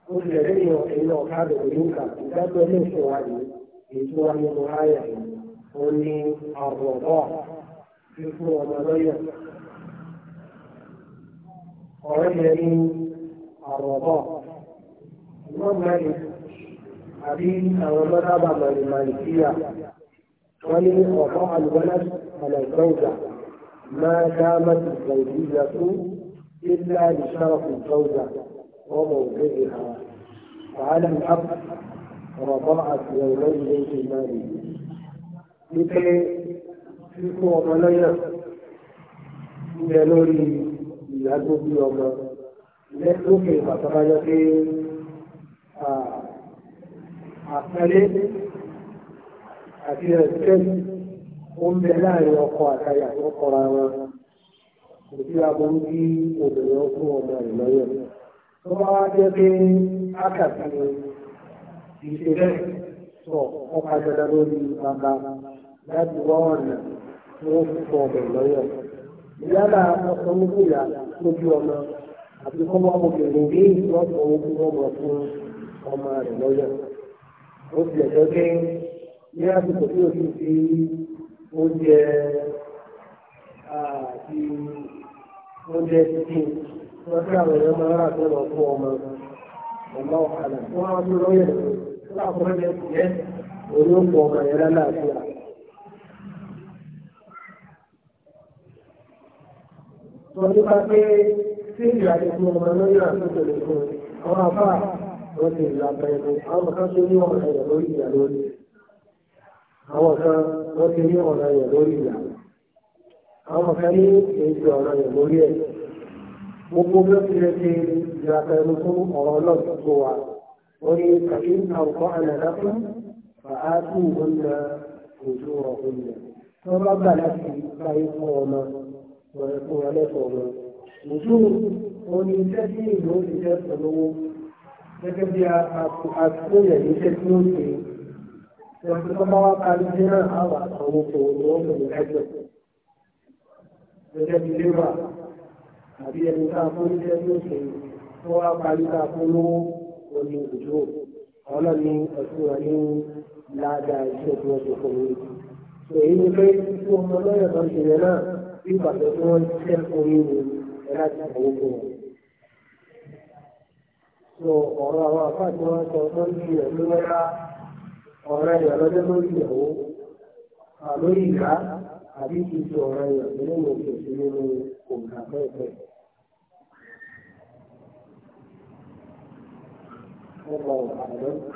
ó lè lẹ́yìn ọ̀kẹ́ náà káàdì òyìnbá ìdájọ́ ẹlẹ́ẹ̀kẹwàá yìí èyí tó wá nínú ráyà yìí ó ní àrùn náà. fífún ọmọ lọ́yọ̀. ọ̀rẹ́ yẹn ní àrọ̀bọ̀ wọ́n mẹ́rin àbí àwọn mọ́tàbà mẹ́rin màlìkíyà wọ́n ní ọ̀pọ̀ àlùbọ́lá àlàìgbọ́jà máa dá mẹ́tì ìgbàlùbíyà fún إلا لشرف الزوجة وموضعها وعلى الحق رضعت يومين في ماله kíkọ́ ọmọ lọ́yà ń bẹ lórí ìyá ọmọ lókè ìpàtàkàjọ pé àpẹẹrẹ àti láàrin àtàyà tó kọra wọn kò sí bí obìnrin ọmọ rẹ̀ tó bá wá jẹ́ pé sọ ọkọ̀ àjọ̀dá lórí bàbá láti ọ̀nà wọ́n sọ ọ̀bẹ̀ lọ́yọ̀. Yálà ọ̀sán níbí ìyá lójú ọmọ àti kọ́mọ́ obìnrin bí wọ́n owó tí wọ́n fún ọmọ rẹ̀ lọ́yọ̀. Ó tilẹ̀ jẹ́ pé ní àsìkò tí òsì fi oúnjẹ àti oúnjẹ títí wọ́n tí àwọn èèyàn máa rà tó fún ọmọ ọmọ ọ̀kadà. Wọ́n á tún lọ́yọ̀ lọ́wọ́ fún ọmọ yẹn lálàáfíà. sọ nípa pé tí ìyàtọ̀ fún ọmọ lórí àtúntò lè fún àwọn àbá wọn ti là bẹ̀rù àwọn kan tó ní ọ̀nà ẹ̀yà lórí ìyà lórí àwọn kan wọ́n ti ní ọ̀nà ẹ̀yà lórí ìyà àwọn kan ní èyí ọ̀nà ẹ̀yà lórí ẹ̀ gbogbo bí ó ti lè ṣe ìyàtọ̀ ẹnu fún ọ̀rọ̀ ọlọ́ọ̀tún tó ó ní kàkí àwùkọ́ àlàdá fún fàákù ọ̀nà òjò ọ̀hún wọn ni fún ẹlẹ́kọ̀ọ́ wọn. Mùsùn ó ní iṣẹ́ tí ìlú ó ti jẹ́ pẹ̀lówó gẹ́gẹ́ bí àtúnyẹ̀ ní iṣẹ́ tí ó ṣe. Wọ́n ti tọ́ bá wá parí jẹ́ náà àwọn àtàwọn òkòwò ni wọ́n pẹ̀lú ẹgbẹ̀. Gẹ́gẹ́ bí lébà àbí ẹni tá a fún iṣẹ́ tí ó ṣe tó wá parí tá a fún lówó ó ní òjò. Àwọn náà ẹ̀sùn wọn ní ládàá iṣẹ́ tí wọ́n ṣe fún mi. Èyí ni pé tí ọmọ lọ́yọ̀ kan ṣe yẹn náà bí ìbàdàn tí wọ́n ṣiṣẹ́ orí ni ẹ láti sanwó fún wọn. so ọ̀rọ̀ àwọn àfáà tí wọ́n sọ lórí ẹ̀ ló lọ́la ọ̀rọ̀ ẹ̀yà lọ́jọ́ lórí ìyàwó lórí ìyá àbí kì í ṣe ọ̀rọ̀ ẹ̀yà nínú òkè sí nínú òǹkà pẹ́ẹ́pẹ́. Thank you.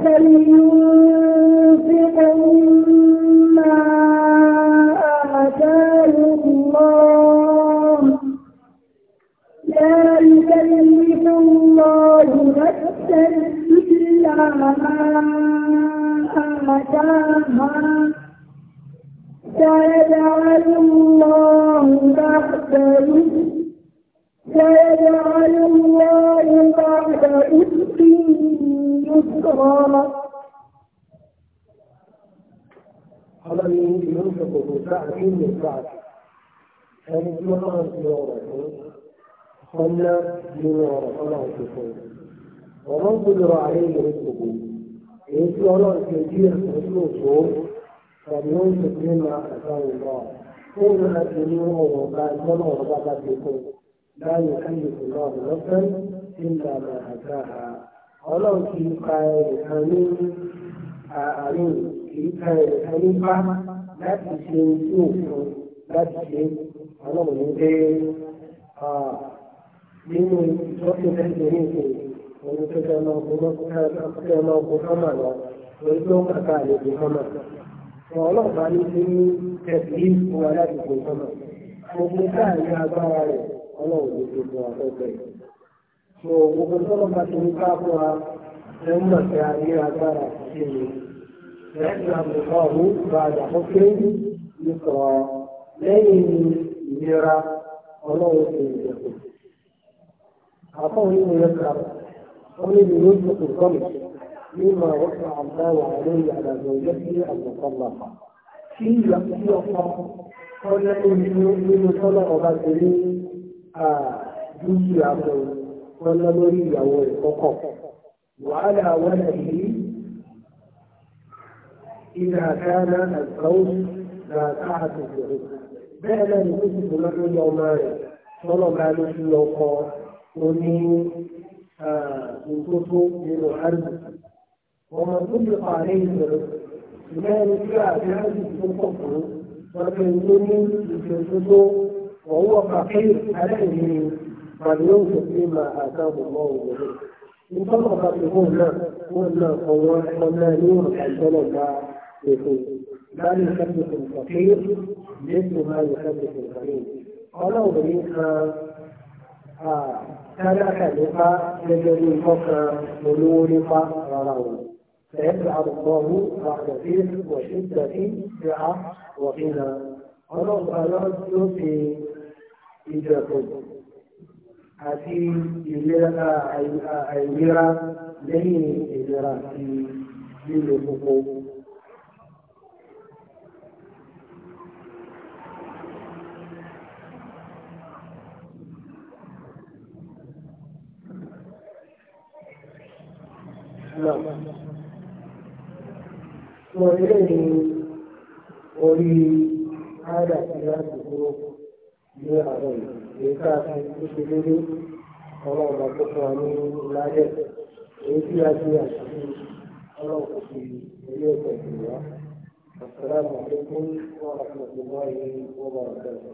Hallelujah. ọlọ́run ti ojú ẹ̀sán sí òṣó ọ̀dùn ó ń sọ pé máa ìwà ó ń rà ní ọ̀rọ̀ ọ̀gá ìtọ́nà ọ̀rọ̀ bàbá ti kún báyìí ká lè kó náà lọ́fẹ́ tí ń dà ọlọ́run ti ka ẹ̀ka ní àárín kì í ka ẹ̀ka ní bá láti ṣe ojú òfin láti ṣe ọlọ́run ní pé nínú ìtọ́sí ẹgbẹ̀rún ìpè òun tó fẹ́ máa gbọ́ fẹ́ máa gbọ́ fẹ́ máa lọ. torí pé ó kàkà àlejò sọ́nà wọn ọlọ́pàá ní sí ní tẹ̀sílì fún aládùúgbò sọ́nà gbogbo káàrin agbára rẹ̀ ọlọ́run ló gbogbo àfẹ́fẹ́ so gbogbo sọ́lọ́pàá ti ní ká fún wa ẹ̀ مما وقع الله عليه على زوجته المطلقة في يقصى قال من طلق بدري دنيا ولا مريا والحقوق وعلى ولده إذا كان الزوج لا به بعد أن يكتب له يومان طلب عليه يوقع ومن آه من كتب من ومن أطلق عليه الرزق لذلك جاء هذه الكفر وتنزل بجسده وهو فقير عليه فلينفق مما آتاه الله به إن طلق بهن قلنا قلنا نور حسنا بهن لا يكلف الفقير مثل ما يكلف الغني ولو بنيها ثلاثة لقاء لجريمك ملولك وروض فيجعل الله بعد ذل وشدة دعاء وغنى ọlọ́run aláwọ̀ tí ó ṣe ìjọ̀kọ̀ àti àìlera lẹ́yìn ìlera àti lílo gbogbo. Thank you wọ́n lè ní orí ara ìrántí kúrò ní àwọn èyí tá a fi ń ṣe lórí ọlọ́ọ̀bà tó fún wa ní láyẹ̀ èyí tí a ti àṣírí ọlọ́ọ̀bà fi ilé ẹ̀kọ́ ìlú wa. السلام عليكم ورحمة الله وبركاته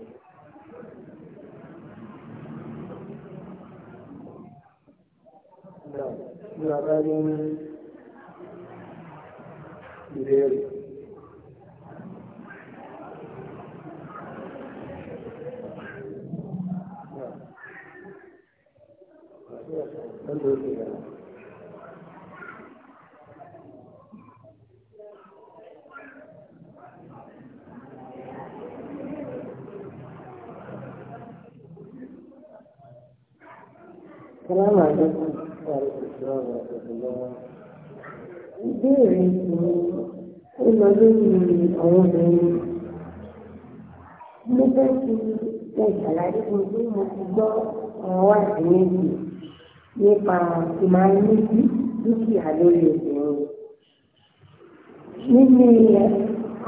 نعم نعم ìbéèrè. السلام عليكم ورحمة الله وبركاته ìbéèrè ìṣòro ó lọ lórí àwọn obìnrin mo fẹ́ fi ṣe ìṣàlàyé fún pé mo ti gbọ́ àwọn wáìsì méjì nípa ìmáyéléjì dúkìá lórí obìnrin nínú ilẹ̀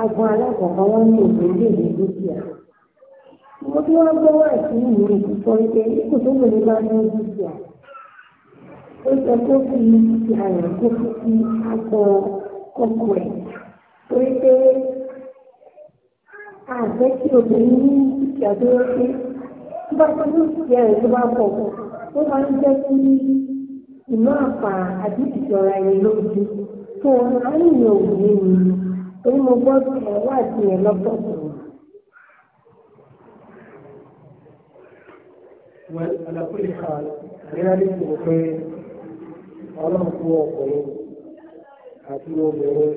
agbọn alákọ̀ọ́kọ́ wọn ní òbílẹ̀ ní dúkìá mo tí wọ́n gbọ́ wáìsì yìí ní ìtúsọ́ wípé kò tó lè ní ní dúkìá ó sọ kó fi ìyàrá kó fi agbọ ọkọ ẹ̀ torí pé àfẹ́ tí obìnrin ní ìjàdúró pé bá tó ní ìyá rẹ̀ tó bá pọ̀ ó máa ń jẹ́ kí ìmọ̀ àpà àti ìjọra ẹni lójú fún ọmọ àìyàn òní ni torí mo gbọ́dọ̀ ẹ̀ wá àti ẹ̀ lọ́tọ̀ọ̀tọ̀. Well, ala kulli hal, reality ni pé ọlọ́nkú ọkùnrin àti obìnrin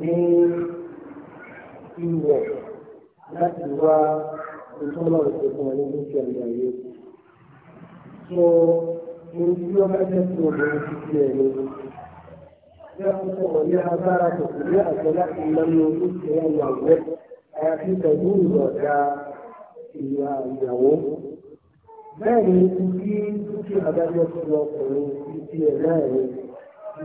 ní ìwọ̀ láti wá ìtọ́lọ̀ ìṣẹ̀kùn ní ìṣẹ̀ ìyàwó. So, ohun tí ó bá jẹ́ sí obìnrin ti di ẹ̀ lórí. Bí a ń sọ̀rọ̀ ní agbára kò sí ní àjọ láti lọ́nu ìṣẹ̀ ìyàwó àyàfi pẹ̀lú ìrọ̀dá ìyàwó. bẹ́ẹ̀ ni bí tí adájọ́ ti lọ ọkùnrin títí ẹ̀ náà ni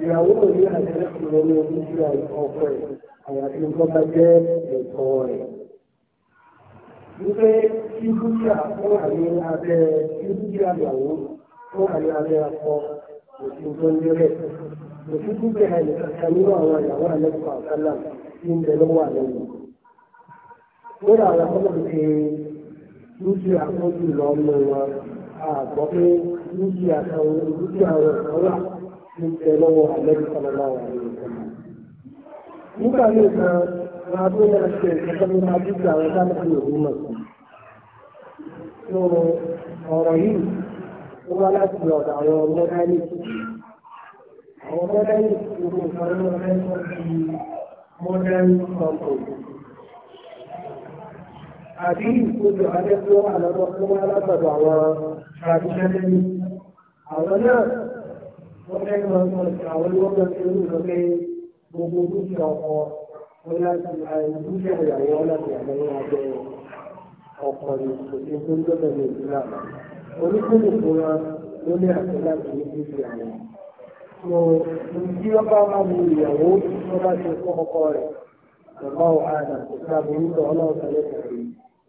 ìyàwó ní àdájọ́ ti lọ ní ojú sí ọkọ ẹ̀ àyàfi nǹkan bá jẹ́ ẹ̀kọ́ rẹ̀. wípé tí dúkìá fún àmì abẹ́ tí fún àmì abẹ́ akọ òfin tó ń lérẹ̀. òfin kàkà nínú àwọn àlẹ́kọ̀ọ́ dúkìá tó jù lọ mọ wọn àgbọ̀ pé dúkìá kan dúkìá rẹ̀ kan wà ní tẹ lọ́wọ́ àlẹ́bí sọlọ́lá wà ní ìsọ̀rọ̀. nígbà míì kan máa tó yẹ ṣe ìkẹ́kọ̀ọ́ ní máa dúkìá rẹ̀ dáná sí òun mọ̀ sí. tó ọ̀rọ̀ yìí ó wá àwọn mẹ́kánì àwọn àbí ìkójọ adẹ́kọ́ àlọ́dọ́ tó wá látọ̀dọ̀ àwọn traditionally àwọn náà wọ́n fẹ́ lọ sọ àwọn olóògbé tó ń lọ pé gbogbo dúkìá ọkọ wọn láti dúkìá ìyàwó láti àgbẹ̀wò abẹ́ ọkọ̀ ni kò tó ń gbọ́dọ̀ ní ìlú náà oníkùnú fúnra ló ní àti láti ní dúkìá wọn. Mo tí wọ́n bá máa mú ìyàwó tí wọ́n bá ṣe fún ọkọ rẹ̀, bàbá ọ̀hánà kò ọlọ́run tẹ̀lé tẹ̀lé.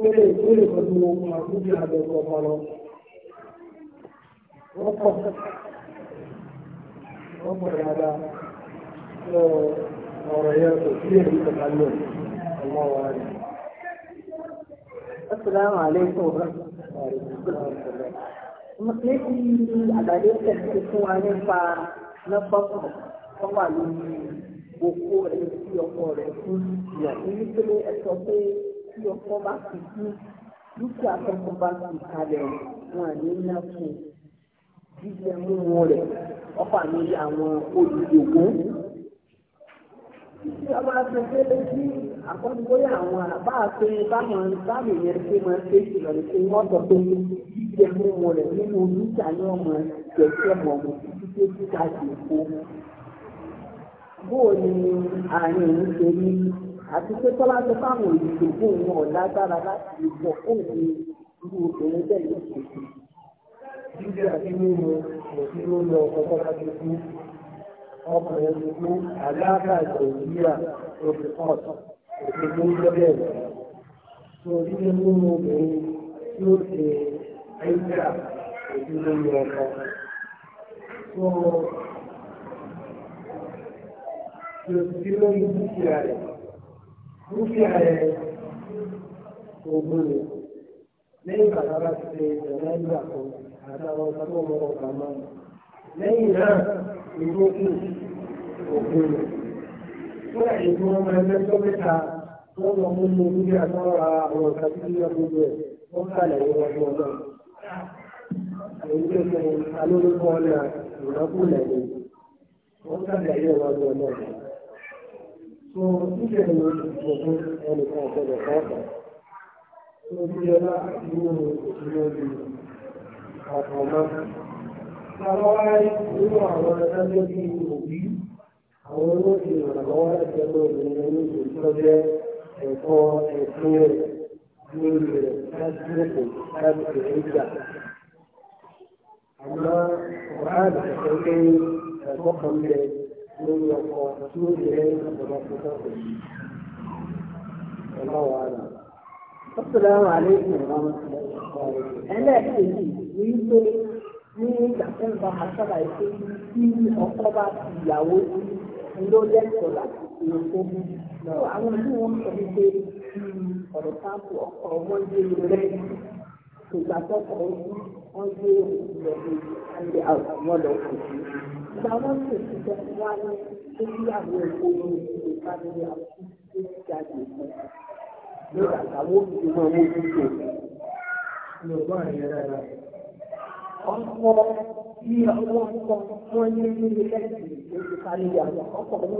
kéré kéré pẹ̀lú ohun àkúdí àbẹ̀kọ̀ ọpọlọ. Wọ́n pọ̀ wọ́n pọ̀ dáadáa lọ ọ̀rọ̀ yẹn kò sí èyí kọ̀ọ̀kan lọ ọmọ wa rẹ̀. Assalamu alaikum Mùsùlùmí àgbàdo tẹ̀sí fún wa nípa lọ́pọ̀pọ̀ tó wà lórí òkú rẹ̀ sí ọkọ rẹ̀ fún ìyàwó nítorí ẹ̀sọ́ pé tí ọkọ bá fi kú dúkìá tọkọ bá fi kalẹ̀ wọn ní iná fún jíjẹ mímu rẹ̀ ọkọ àmì àwọn olùdókòwò. Títí a máa fi pé létí àkọ́ni àwọn àbá àti báwọn báwọn yẹn ṣe máa ṣe ìṣúná ní pé wọ́n sọ pé jíjẹ mímu rẹ̀ nínú dúkìá ní ọmọ jẹ̀ṣẹ̀ mọ̀mọ́ títí tó ti ká ṣe fún. Bóò ni àárín ìṣèlú àti pé tọ́lá sọ fáwọn òyìnbó fún òun ọ̀lágbára láti ìbọ̀ fún òun irú obìnrin bẹ́ẹ̀ àti mímu kò sí ló lọ ti Ọkùnrin ti kú àlágbà ìgbòmíra oṣù kan tó ń jẹ́ bẹ́ẹ̀. Sọ jíjẹ mímu obìnrin tí ó ṣe ẹ̀yà Sọ dúkìá rẹ̀ ogún rẹ̀ lẹ́yìn bàbá ti ṣe ìjọba ìgbà kan àtàwọn sábà mọ́ ọ̀gá máa lẹ́yìn náà ìlú kù ogún rẹ̀ fúnra ìlú ọmọ ẹgbẹ́ mẹ́ta wọ́n lọ mú mi níbi àtọ́ra àwọn ọ̀gá tí wọ́n gbogbo ẹ̀ wọ́n kàlẹ̀ wọ́n wọ́n náà. Àwọn ilé ìfẹ́ alólùkọ́ ọ̀nà ìrọ́kùnlẹ̀ ni wọ́n kàlẹ̀ wọ́n wọ́n náà tó Àwọn aráyé ẹgbẹ́ obìnrin ní ìṣòjọ́ jẹ́ ẹ̀kọ́ ẹ̀sìn rẹ̀ lórí ọkọ tí ó yẹ ọ̀pọ̀lọpọ̀ tọ́kọ̀ yìí ọlọ́wọ́ ara. Assalamu alaykum ẹlẹ́ẹ̀kejì ní pé ní ìgbàsẹ́nba àṣàlà ìpè tí ọkọ bá ti ìyàwó sí ló lẹ́kọ̀ọ́ láti fi ọkọ mú. Àwọn ìlú wọn sọ wípé ọ̀rọ̀ sáàpù ọkọ̀ wọn yé rẹ̀ kò wọ́n yé ìrọ̀lẹ́ àti àwọn ọlọ́kùnrin ìgbà wọn sì ti jẹ ní ní ìlú kábíyé àwọn tó ti jáde wọ́n ti jẹ. ọkọ àwọn ọkọ wọn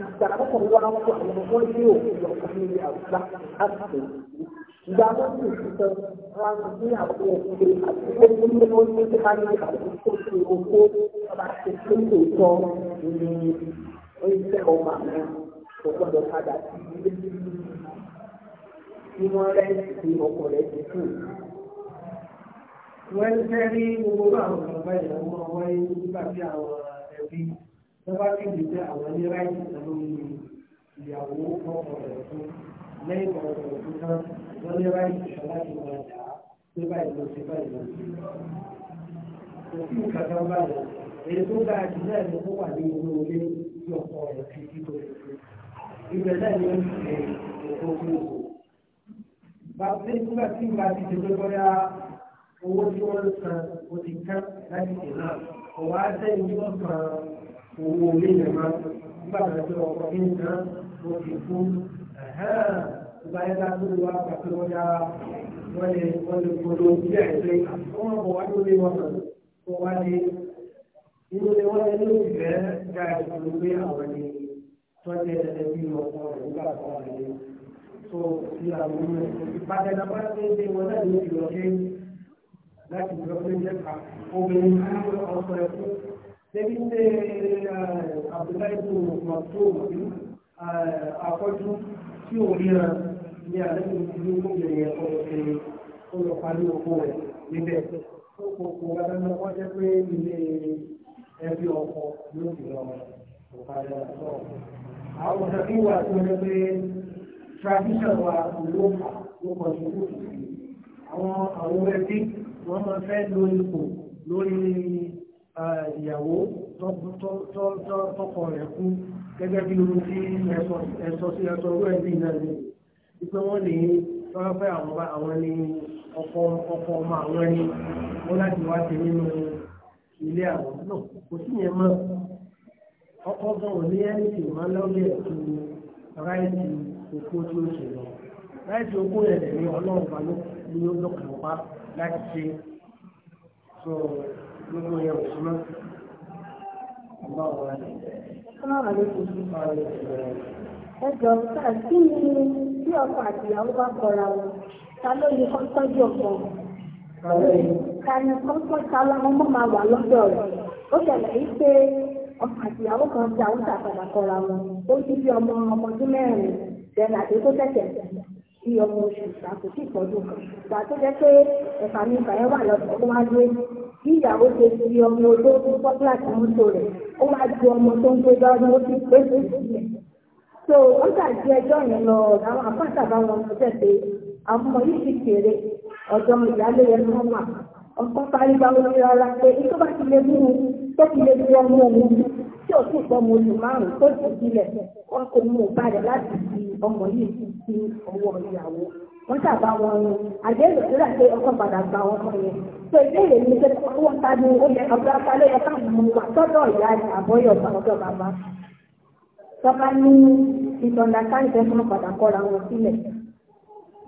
wá fún àwọn ọmọ ilé òkú lọ ìgbà tó ní àpò òkè àti pé ó ní kí wọn ní àkókò tó oko ọba tó tó ní oníṣẹ́ ọmọ àwọn kò gbọdọ̀ padà sí ilé tí wọ́n rẹ́ sí ọkọ̀ rẹ̀ ti kù. wọ́n fẹ́ rí gbogbo àwọn bàbá ìyàwó wọn wáyé nígbà tí àwọn ẹbí tó bá kéde pé àwọn ní ráìtì lórí ìyàwó wọ́n ní ráìtì ìṣọ́ láti wọ́n dà á pé báyìí ló ṣe báyìí ló ṣe. nǹkan kan báyìí èyí tó dáa jù náà ni ó wà ní inú ilé tí ọkọ rẹ̀ fi kí tó fi ibẹ̀ náà ni ó ń ṣe òkú tó wò. bàbá nígbà tí ìgbà ti ṣe pé bóyá owó tí wọ́n san ó ti láti ṣe náà kò wá sẹ́yìn tí owó ilé yẹn nígbà tó ń pẹ́ ọkọ̀ ní ìtàn ó bayan na turuwa kafin wani wani gudu biya ẹgbẹ wọn bọ wá lórí wọn kọ wá ní inú ni wọn ní ìfẹ́ ga ìṣòro pé àwọn ni tọ́jú ẹ̀ẹ́dẹ́ bí ọkọ rẹ̀ nígbà tó wà ní so ti àwọn ọmọ ìpàdé náà bá ṣe ń ṣe wọn náà ní ìlọ ṣe láti ìlọ pé ń jẹka obìnrin akọ́jú tí ò ríran ní àlejò ìlú oúnjẹ yẹn kọ́ lọ sí kó lọ parí oko rẹ̀ níbẹ̀. ó kò kò wá dáná wọ́n jẹ́ pé ilé ẹbí ọkọ yóò fi lọ kò parí ọ̀sọ́. àwọn ọ̀sẹ̀ tí wà tó jẹ́ pé tradition wa ló fà ló kọ̀ sí kò sí. àwọn àwọn ẹbí wọ́n máa fẹ́ lo ipò lórí ìyàwó tọkọ rẹ̀ kú gẹ́gẹ́ bí ohun tí ẹ̀sọ́ sí ẹ̀sọ́ orí ẹbí náà wípé wọ́n lè tọ́lọ́ pé àwọn ní ọkọ̀ ọkọ̀ ọmọ àwọn ní wọ́n láti wá sí nínú ilé àwọn náà kò sí yẹn mọ́ ọkọ̀ gan ò ní ẹni tí máa lọ́gẹ̀ tó ráìtì òkú tí ó ṣe lọ láìsí okó yẹn lè ní ọlọ́run bá ní olókàn pa láti ṣe so gbogbo yẹn ò sí mọ́. Assalamu alaikum ẹjọ́ sáà kí ni tí ọkọ àti bá kọra wọn ta ló yẹ kó ọkọ ta ni kọ́kọ́ ta lọ́mọ máa wà lọ́dọ̀ rẹ̀ ó ṣẹlẹ̀ yìí pé ọkọ àti kan ti àwọn sàpàdà kọra wọn ó ti bí ọmọ ọmọdún mẹ́rin bẹ̀rẹ̀ àti tó tẹ̀sẹ̀ bí ọmọ oṣù ìṣàkó sí ìtọ́jú kan ìgbà tó jẹ́ pé ẹ̀fà mi ìgbà wà lọ́dọ̀ tó wá gbé bí ìyàwó ṣe fi ọmọ olóògùn fọ́tíláàtì mọ́tò rẹ̀ ó wá ju ọmọ tó ń gbé lọ́dún ó ti pé sí ìpínlẹ̀ so wọ́n gbà ju ẹjọ́ yẹn lọ àwọn àpáta bá wọn lọ tẹ̀lé àwọn ọmọ yìí ti kéré ọ̀dọ́ ìyáálé yẹn ló wà ọkọ parí bá wọn lọ ra pé ikú bá ti lè mú un tó ti lè fi ọmọ òun tí ò tún pọ̀ mọ́ márùn-ún tó ti sílẹ̀ wọn kò mú un balẹ̀ láti fi ọmọ yìí sí ọwọ́ ìyàwó wọ́n sábà wọn ní àdéhùn tó rà pé ọkọ̀ padà gba ọmọ yẹn tó ìbéèrè mi pé ọwọ́ ta ni ó yẹ ọ̀gá ta ló yẹ tọ́ba ní ìtọ̀ndàkáǹtẹ̀ fún padà kọ́ra wọn sílẹ̀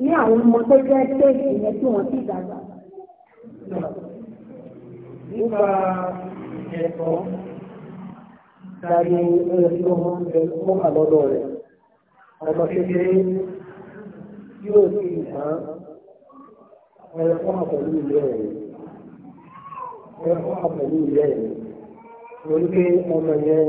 ní àwọn ọmọ tó jẹ́ téèkì yẹn tí wọ́n sì dàgbà. nípa ẹ̀kọ́ tàbí ẹ̀rọ tí wọ́n mú àlọ́dọ̀ rẹ̀ ọmọ kékeré yóò sì hàn ẹ̀rọ fún àpẹ̀lú ilé rẹ̀ ẹ̀rọ fún àpẹ̀lú ilé rẹ̀ torí pé ọmọ yẹn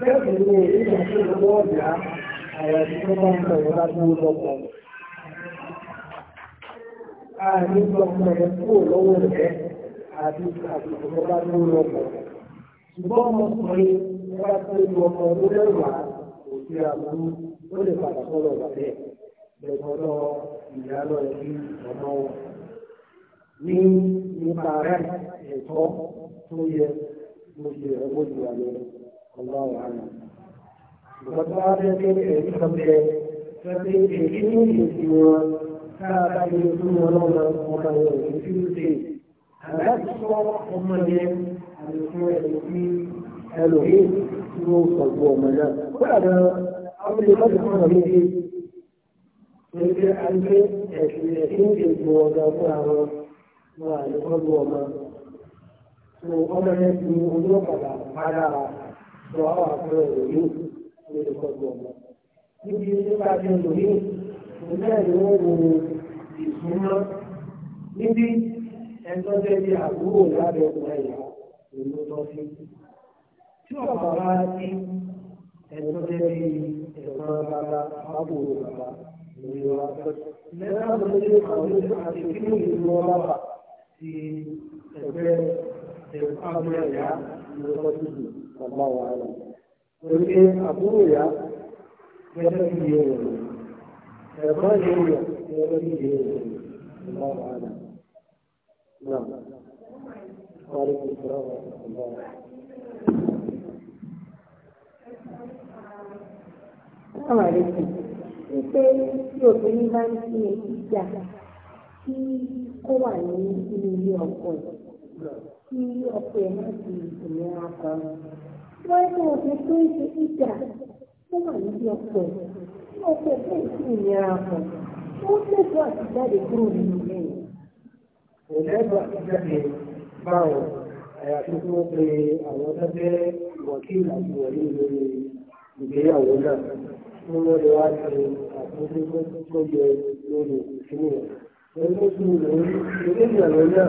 bẹ́ẹ̀ sì ni èyí lọ́wọ́ ọ̀dà àwọn ìṣẹ́ bá ń bẹ̀rẹ̀ bá dúró lọ́pọ̀. a ní lọ bẹ̀rẹ̀ kúrò lọ́wọ́ rẹ̀ àti àtìkọ́ bá dúró lọ́pọ̀. ṣùgbọ́n ọmọkùnrin bá tó lu ọmọ tó lẹ́wàá kò sí àbúrú ó lè padà sọ́dọ̀ bàbẹ́ lẹ́gbọ́dọ̀ ìyálọ́ ẹbí ọ̀nà ní nípa rẹ̀ ẹ̀tọ́ tó yẹ mo ṣe ẹ̀wọ́ ìwà lẹ́yìn. Allahu a'lam. Bùkọ́tà bẹ́ẹ̀ kéré èyí kan bẹ pẹ́pẹ́ èyí ní èsì wọn táà bá lè fún wọn lọ́nà ọba wọn èyí tí ó ṣe. Àláàbí sọ ọmọ yẹn àti fún ẹni tí ẹlòmíì tí wọ́n sọ̀gbọ́ ọmọ náà. Kódà náà, àwọn ilé lọ́dún fún ọmọ yẹn Nígbà àgbé ẹ̀sìn ẹ̀sìn ìgbò ọ̀gá fún àwọn ọmọ àlùkọ́lù ọmọ. Ọmọ yẹn ti olóòpàdà padà dọ̀wọ́ ti òyìnbó, bí àbúrò lábẹ́ ọmọ ẹ̀yà òun lọ sí. Tí ọ̀pá bá sí ẹjọ́ bí ẹ̀gbọ́n bàbá àbúrò bàbá òun lọ sí. Lẹ́yìn àwọn ọmọdé àwọn ọmọdé àti kíkú ìlú ọlá wà sí ẹgbẹ́ ẹ̀gbọ́n àbúrò ẹ̀yà òun lọ sí ọ̀gbà wàhálà torí pé àbúrò yá bá ń fi èyí kí ó wà ní ilé ọkọ ẹ̀ kí ọkọ ẹ̀ má di ìnira kan. wọ́n ní wọn fi tó ìṣe ìjà tó wà níbi ọkọ ẹ̀ ẹ̀ fẹ́ sí ìnira kan. ó lẹ́tọ̀ọ́ àti jáde kúrò nínú ilé yìí. kò àti jáde báwo àyàfi tí wọ́n pe àwọn tẹ́tẹ́ wọ̀kíìlì àti wọ̀lé lórí ìgbéyàwó náà tí wọ́n lè wá ṣe àtúntò tó yẹ lórí ìṣúná. Ẹgbẹ́ tí mo lè rí, ìgbésẹ̀ ìyàwó náà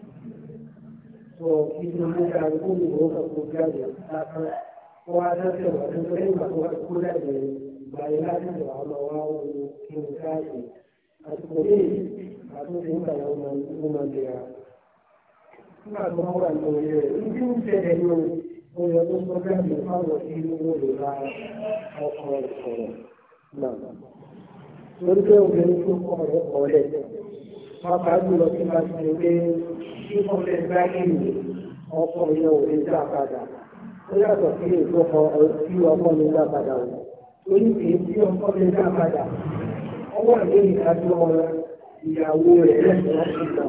to idan mun ga ko ne ko ka ta ce wa dan kai ma ko ko da da ba ya da da wa wa ko kin ka a ko ne a to din ka yau man man da ya kuma da mu ran to ne in kin ce da ni ko ya ko ko ga da fa wa shi ne ko da ko ko ko na torí pé obìnrin tó kọ́ ọ̀rẹ́ ọ̀rẹ́ pápá jùlọ tí máa ti lè kí ìyàwó rẹ̀ lẹ́sìn ọ̀sìn náà.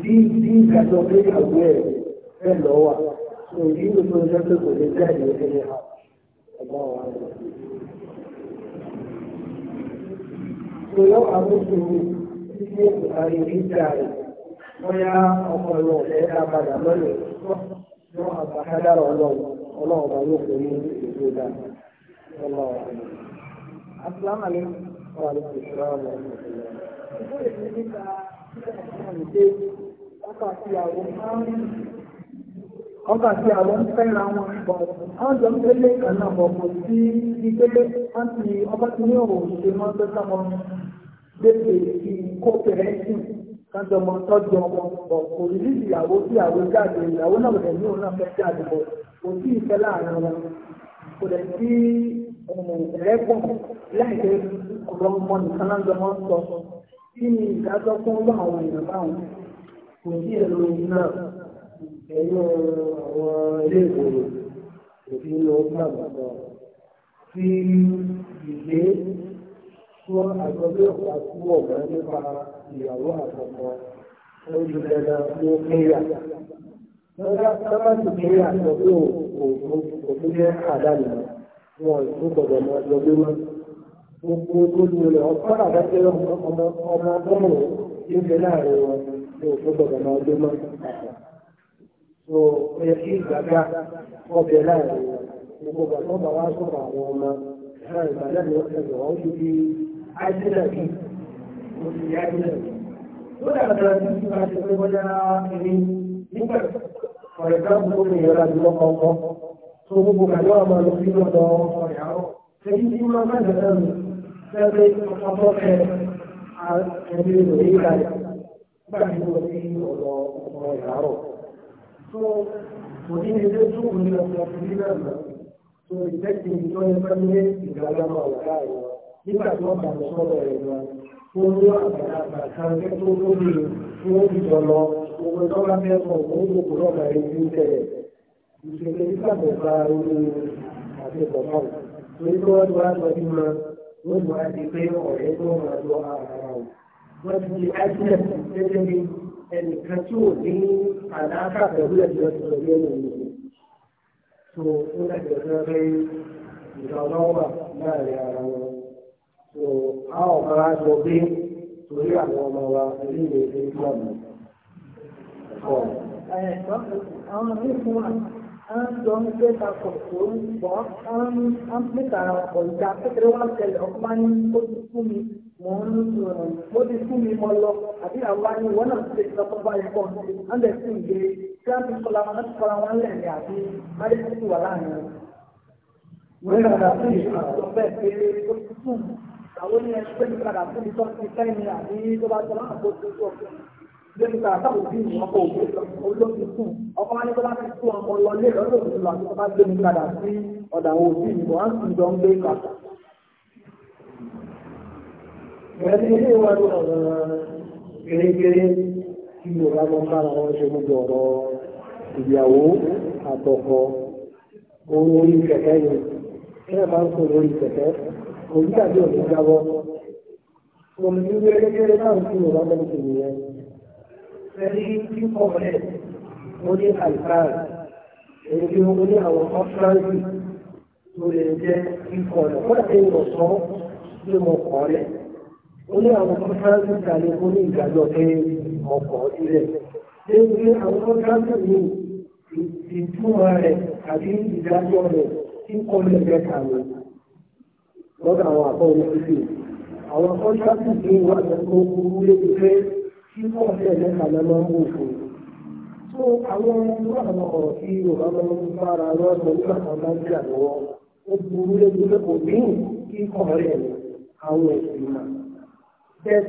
Bí bí ìdájọ́ pé ìyàwó rẹ̀ fẹ́ lọ wà, kò ní gbogbo ọjọ́ pé kò lè jáde ẹni ha. Ọgbọ́n wa lọ. Ìṣòro àwọn òṣèlú tí ní ìjà rẹ̀. bóyá ọpọlọ ẹ̀ ká padà lọ́lẹ̀ lọ́ àbákádára ọlọ́run ọlọ́run yóò fún ní ìlú dá ọlọ́run. Asalaamu alaikum wa rahmatulahi wa barakatuh. Ìbéèrè àti àwọn máa wọn bọ̀. jọ ń bọ̀ sí wọ́n ti ọba ní kájọ ọmọ tọ́jú ọmọ pọ̀ kò rí lílì ìyàwó tí ìyàwó jáde ìyàwó náà rẹ̀ ní òun náà fẹ́ jáde bọ̀ kò sí ìfẹ́ láàrin wọn kò dẹ̀ sí ẹ̀rẹ́gbọ̀n láìpẹ́ ọ̀rọ̀ ọmọ nìkan lájọ máa ń sọ kí ni ìdájọ́ fún ọlọ́ àwọn èèyàn báwọn kò sí èrò náà ẹ̀yọ àwọn ilé ìwòrò kò sí lọ fún àgbàdo tí ìgbé fún àjọ bí ọ̀pá fún ọ̀gá nípa ìyàwó àkọ́kọ́ Gbogbo olùrẹ̀ ọ̀pọ̀ àdájọ́ ọmọ ọgọ́rùn-ún tí ń bẹ láàrin wọn ní òkú So olùyájúlẹ̀. ọ̀rẹ́ káàkiri ó fèèyàn láti ọkọ̀. Tó gbogbo kàjọ́ àmọ́ sí lọ́dọ̀ ọ̀rẹ́ àárọ̀. Tó ní ilé tó wù ní ọ̀sẹ̀ ìdílé Tó ìjẹ́kì ìjọ ẹgbẹ́ nílé ìgbàlámọ̀ ọ̀gá ẹ̀rọ nígbà wọ́n bá lọ sọ́dọ̀ fún àgbàlagbà kan tí tó lórí fún ìjọ lọ owó tó bá mẹ́fọ̀ owó kòkó lọ́gà ìlú tẹ̀lé ìṣẹ̀lẹ̀ ìgbàgbọ́ bá orí àtẹ̀kọ̀ náà torí tó wọ́n ti wá lọ láàrin ara wọn so àwọn ọmọ wa sọ pé torí àwọn ọmọ wa ilé ìwé ilé ìwé ọ̀nà ẹ̀kọ́. àwọn ọmọ mi fún wa a ń sọ ń gbé ta kò tó ń bọ̀ a ń pè tààrà ọ̀pọ̀ ìjà kékeré wá tẹ́lẹ̀ ọkọ̀ máa ń kó ti fún mi mo ń mo ti fún mi mo lọ àbí àwa ni wọn náà ti ṣe ọkọ̀ báyìí pọ̀ ń bẹ̀ sí ìgbé kí wọ́n ti kọ́ra wọn láti kọ́ra wọn lẹ̀ ní àbí má lè ti wà láàrin wọn. wọ́n yàrá sí ìṣòro bẹ́ẹ̀ pé ó ti fún mi àwọn ní ẹni pé nípa àdàbò ní tó ti tẹ́ ní àbí tó bá tọ́lá àbò tó tó ọ̀fẹ́ lórí ìgbà táwọn òbí mi ọkọ̀ olóòtú fún ọkọ̀ wọn ní tó bá ti tú ọmọ lọlé lọ́dọ̀ òbí lọ àti tó bá gbé mi padà sí ọ̀dà àwọn òbí mi wọ́n sì jọ ń gbé kàtà. Ìrẹsì ilé wa ní ọ̀rọ̀ gẹ́gẹ́ tí mo bá lọ bára wọn ṣe gbogbo ọ̀rọ̀ ìyàwó àtọkọ orí kẹ̀kẹ́ yìí. Ṣé òbí tàbí òbí jábọ́ mo ní ilé kékeré náà tí mo bá mẹ́rin tèmi yẹn ẹni tí kò rẹ̀ mo ní àìsàn èyí tí mo ní àwọn ọ́fíráǹsì tó lè jẹ́ ikọ̀ rẹ̀ kódà pé mo sọ pé mo kọ̀ rẹ̀ ó ní àwọn ọ́fíráǹsì tàlẹ́ mo ní ìdájọ́ pé mo kọ̀ sílẹ̀ léwu pé àwọn ọ́fíráǹsì mi ìtumọ̀ rẹ̀ àbí ìdájọ́ rẹ̀ tí kò lè lọ́dọ̀ àwọn àbọ̀ oníṣẹ́sì àwọn kọ́ńtàkì ní ìwà àtẹ̀kọ́ burú lébi pé kí wọ́n fẹ́ mẹ́ta lọ́mọ ń wò fún un. tó àwọn irú àwọn ọ̀rọ̀ tí yorùbá máa ń fara lọ́dọ̀ nígbà kan bá ń jà lọ́wọ́ ó burú lébi pé kò ní kí kọ̀ọ̀rẹ́ àwọn ẹ̀sìn mà. bẹ́ẹ̀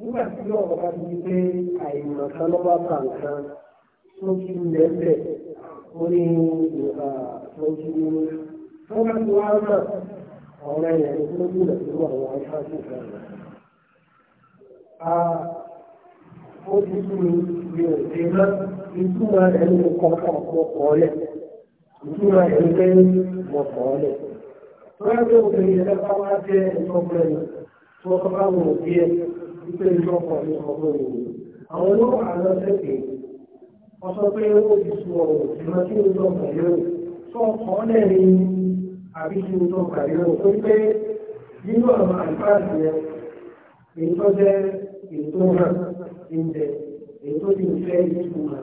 nígbà tí ọ̀rọ̀ bá ti pé àìmọ̀ kan ló bá kà nǹkan tó ti lẹ́sẹ̀ ó ní ìwà tó ti ní wọ́n bá ti wá náà àwọn ẹ̀yẹ̀ tó tó gbúdọ̀ pẹ̀lú àwọn aṣáájú ìfẹ́ ó ti tún mi mi ò ṣe mọ́ ìtura ẹni kọ̀ọ̀kan ọ̀pọ̀ ọ̀lẹ̀ ìtura ẹni lẹ́yìn ọ̀pọ̀ ọ̀lẹ̀. Wọ́n yóò fi ẹ̀ka wá jẹ́ ìṣọ́gbọ́n ẹni tí wọ́n bá wọ̀ bí ẹ wípé ìṣọ́gbọ́n ní ọgbọ́n ẹni. Àwọn olówó àlọ́ sẹ́kẹ̀ wọ́n sọ pé ó ti sùn ọ̀rọ̀ ìrántí ìṣọ́gbọ́n yóò sọ ọ̀pọ̀ ọ̀lẹ̀ ni àbí kí n tó pàdé lọ pé pé nínú àwọn àlùfáàsì yẹn èyí tó jẹ́ èyí tó hàn ìjẹ èyí tó ti fẹ́ ìtumọ̀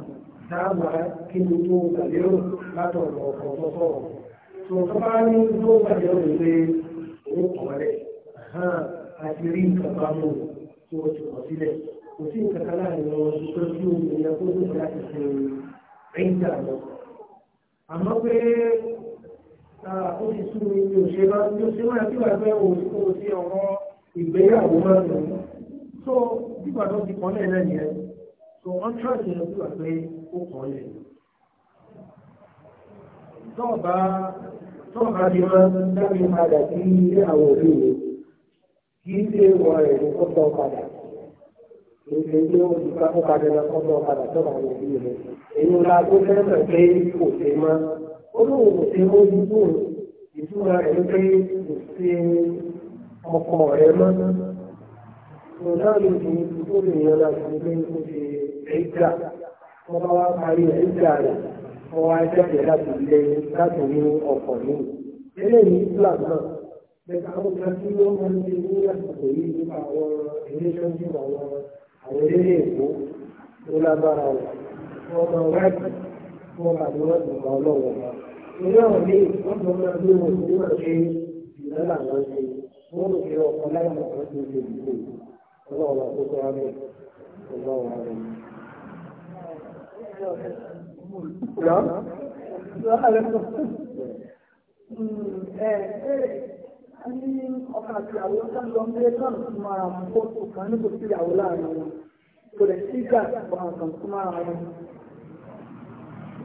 dáàbà kí n tó pàdé lọ látọ̀dọ̀ ọ̀kan tó sọ̀rọ̀ tó tó bá ní tó pàdé lọ pé òun kọ̀ rẹ̀ hàn àti rí nǹkan bá mú tí wọ́n ti kọ̀ sílẹ̀ kò sí Ah, ó ti sú tí wàá sí ọ̀rọ̀ tí wàá pé ó kàn lẹ̀. tọ́ọ̀bá tọ́ọ̀bá ti máa ń dábìí padà sí ilé àwọn òbí mi kì í ṣe wọ ẹ̀ ní kọ́tọ̀ padà èdè tí ó ti ká kó padà lọ kọ́tọ̀ padà tọ́ọ̀bá òbí mi èyí ńlá tó fẹ́ràn pé kò ṣe máa olóòwò tí ó yí bò ìtura rẹ̀ pé kò sí ọkọ rẹ̀ mọ́. Ìrọ̀lá ló ti tó lè yan láti ní pé kó ṣe ẹ̀dá. Wọ́n bá wá parí ẹ̀dá rẹ̀. Wọ́n wá jáde láti lé láti ní ọkọ̀ ní. Eléyìí Islam náà. Bẹ́ẹ̀ni àwọn kan tí wọ́n máa ń ṣe ní àsìkò yìí nípa àwọn relationship àwọn àwọn eléré tó lágbára wọn. máa wá wọn bá lọ́wọ́ ìgbà ọlọ́wọ́. Ìlú àwọn ilé wọn tó máa gbé wọn ní wọn ṣe ìlú làwọn ṣe. Wọ́n lè fi ọkọ̀ láyọ̀ kan tó ṣe ìlú. Ọlọ́run wa tó tọ́ra bẹ̀. Ọlọ́run wa rẹ̀. A ní ọkà àti àwọn sáńdọ̀ ń gbé náà tó máa mú fóònù kan nígbà tí ìyàwó láàrin wọn. Kò lè sí ìgbà àwọn kan tó máa rán wọn.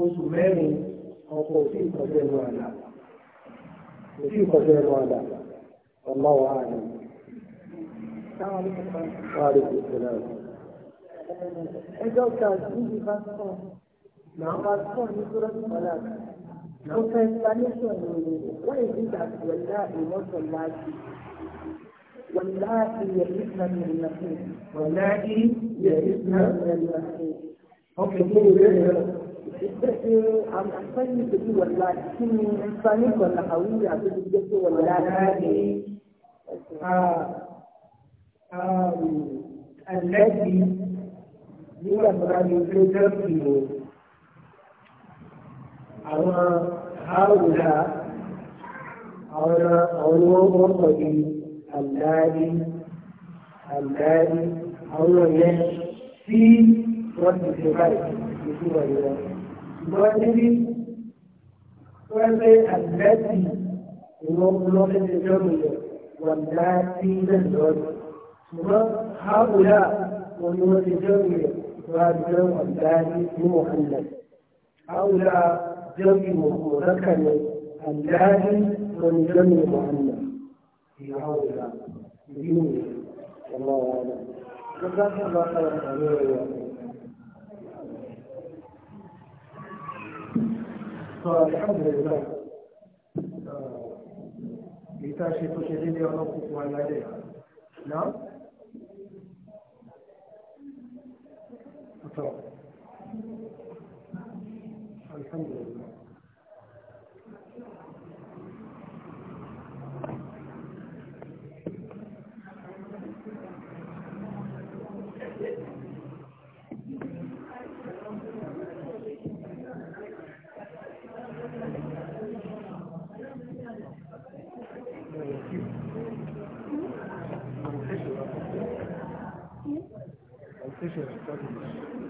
oṣù mẹ́rin ọkọ̀ òsì ìkọjọ́ ẹnu àlà òsì ìkọjọ́ ẹnu àlà ọmọ wa Ẹjọ́ níbi ní explanation wọ́n láti. ní ní عن أحسن كذي ولا كني إنساني ولا حوي عبد الجد ولا نادي الذي يمر بالجد أو هؤلاء أو أو في وقت الغد مدري وفي التي يغلق الجميع والتي تزول هؤلاء ويغلق الجميع هؤلاء جمع مذكر الثاني والجمع مؤنث في هؤلاء بدين الله اعلم جزاك الله خيرا فالحمد لله ìtàṣe tó ṣe nílé ọlọ́kùnkùn alálẹ̀ náà ọ̀tọ̀ alhamdulillah 谢谢交警同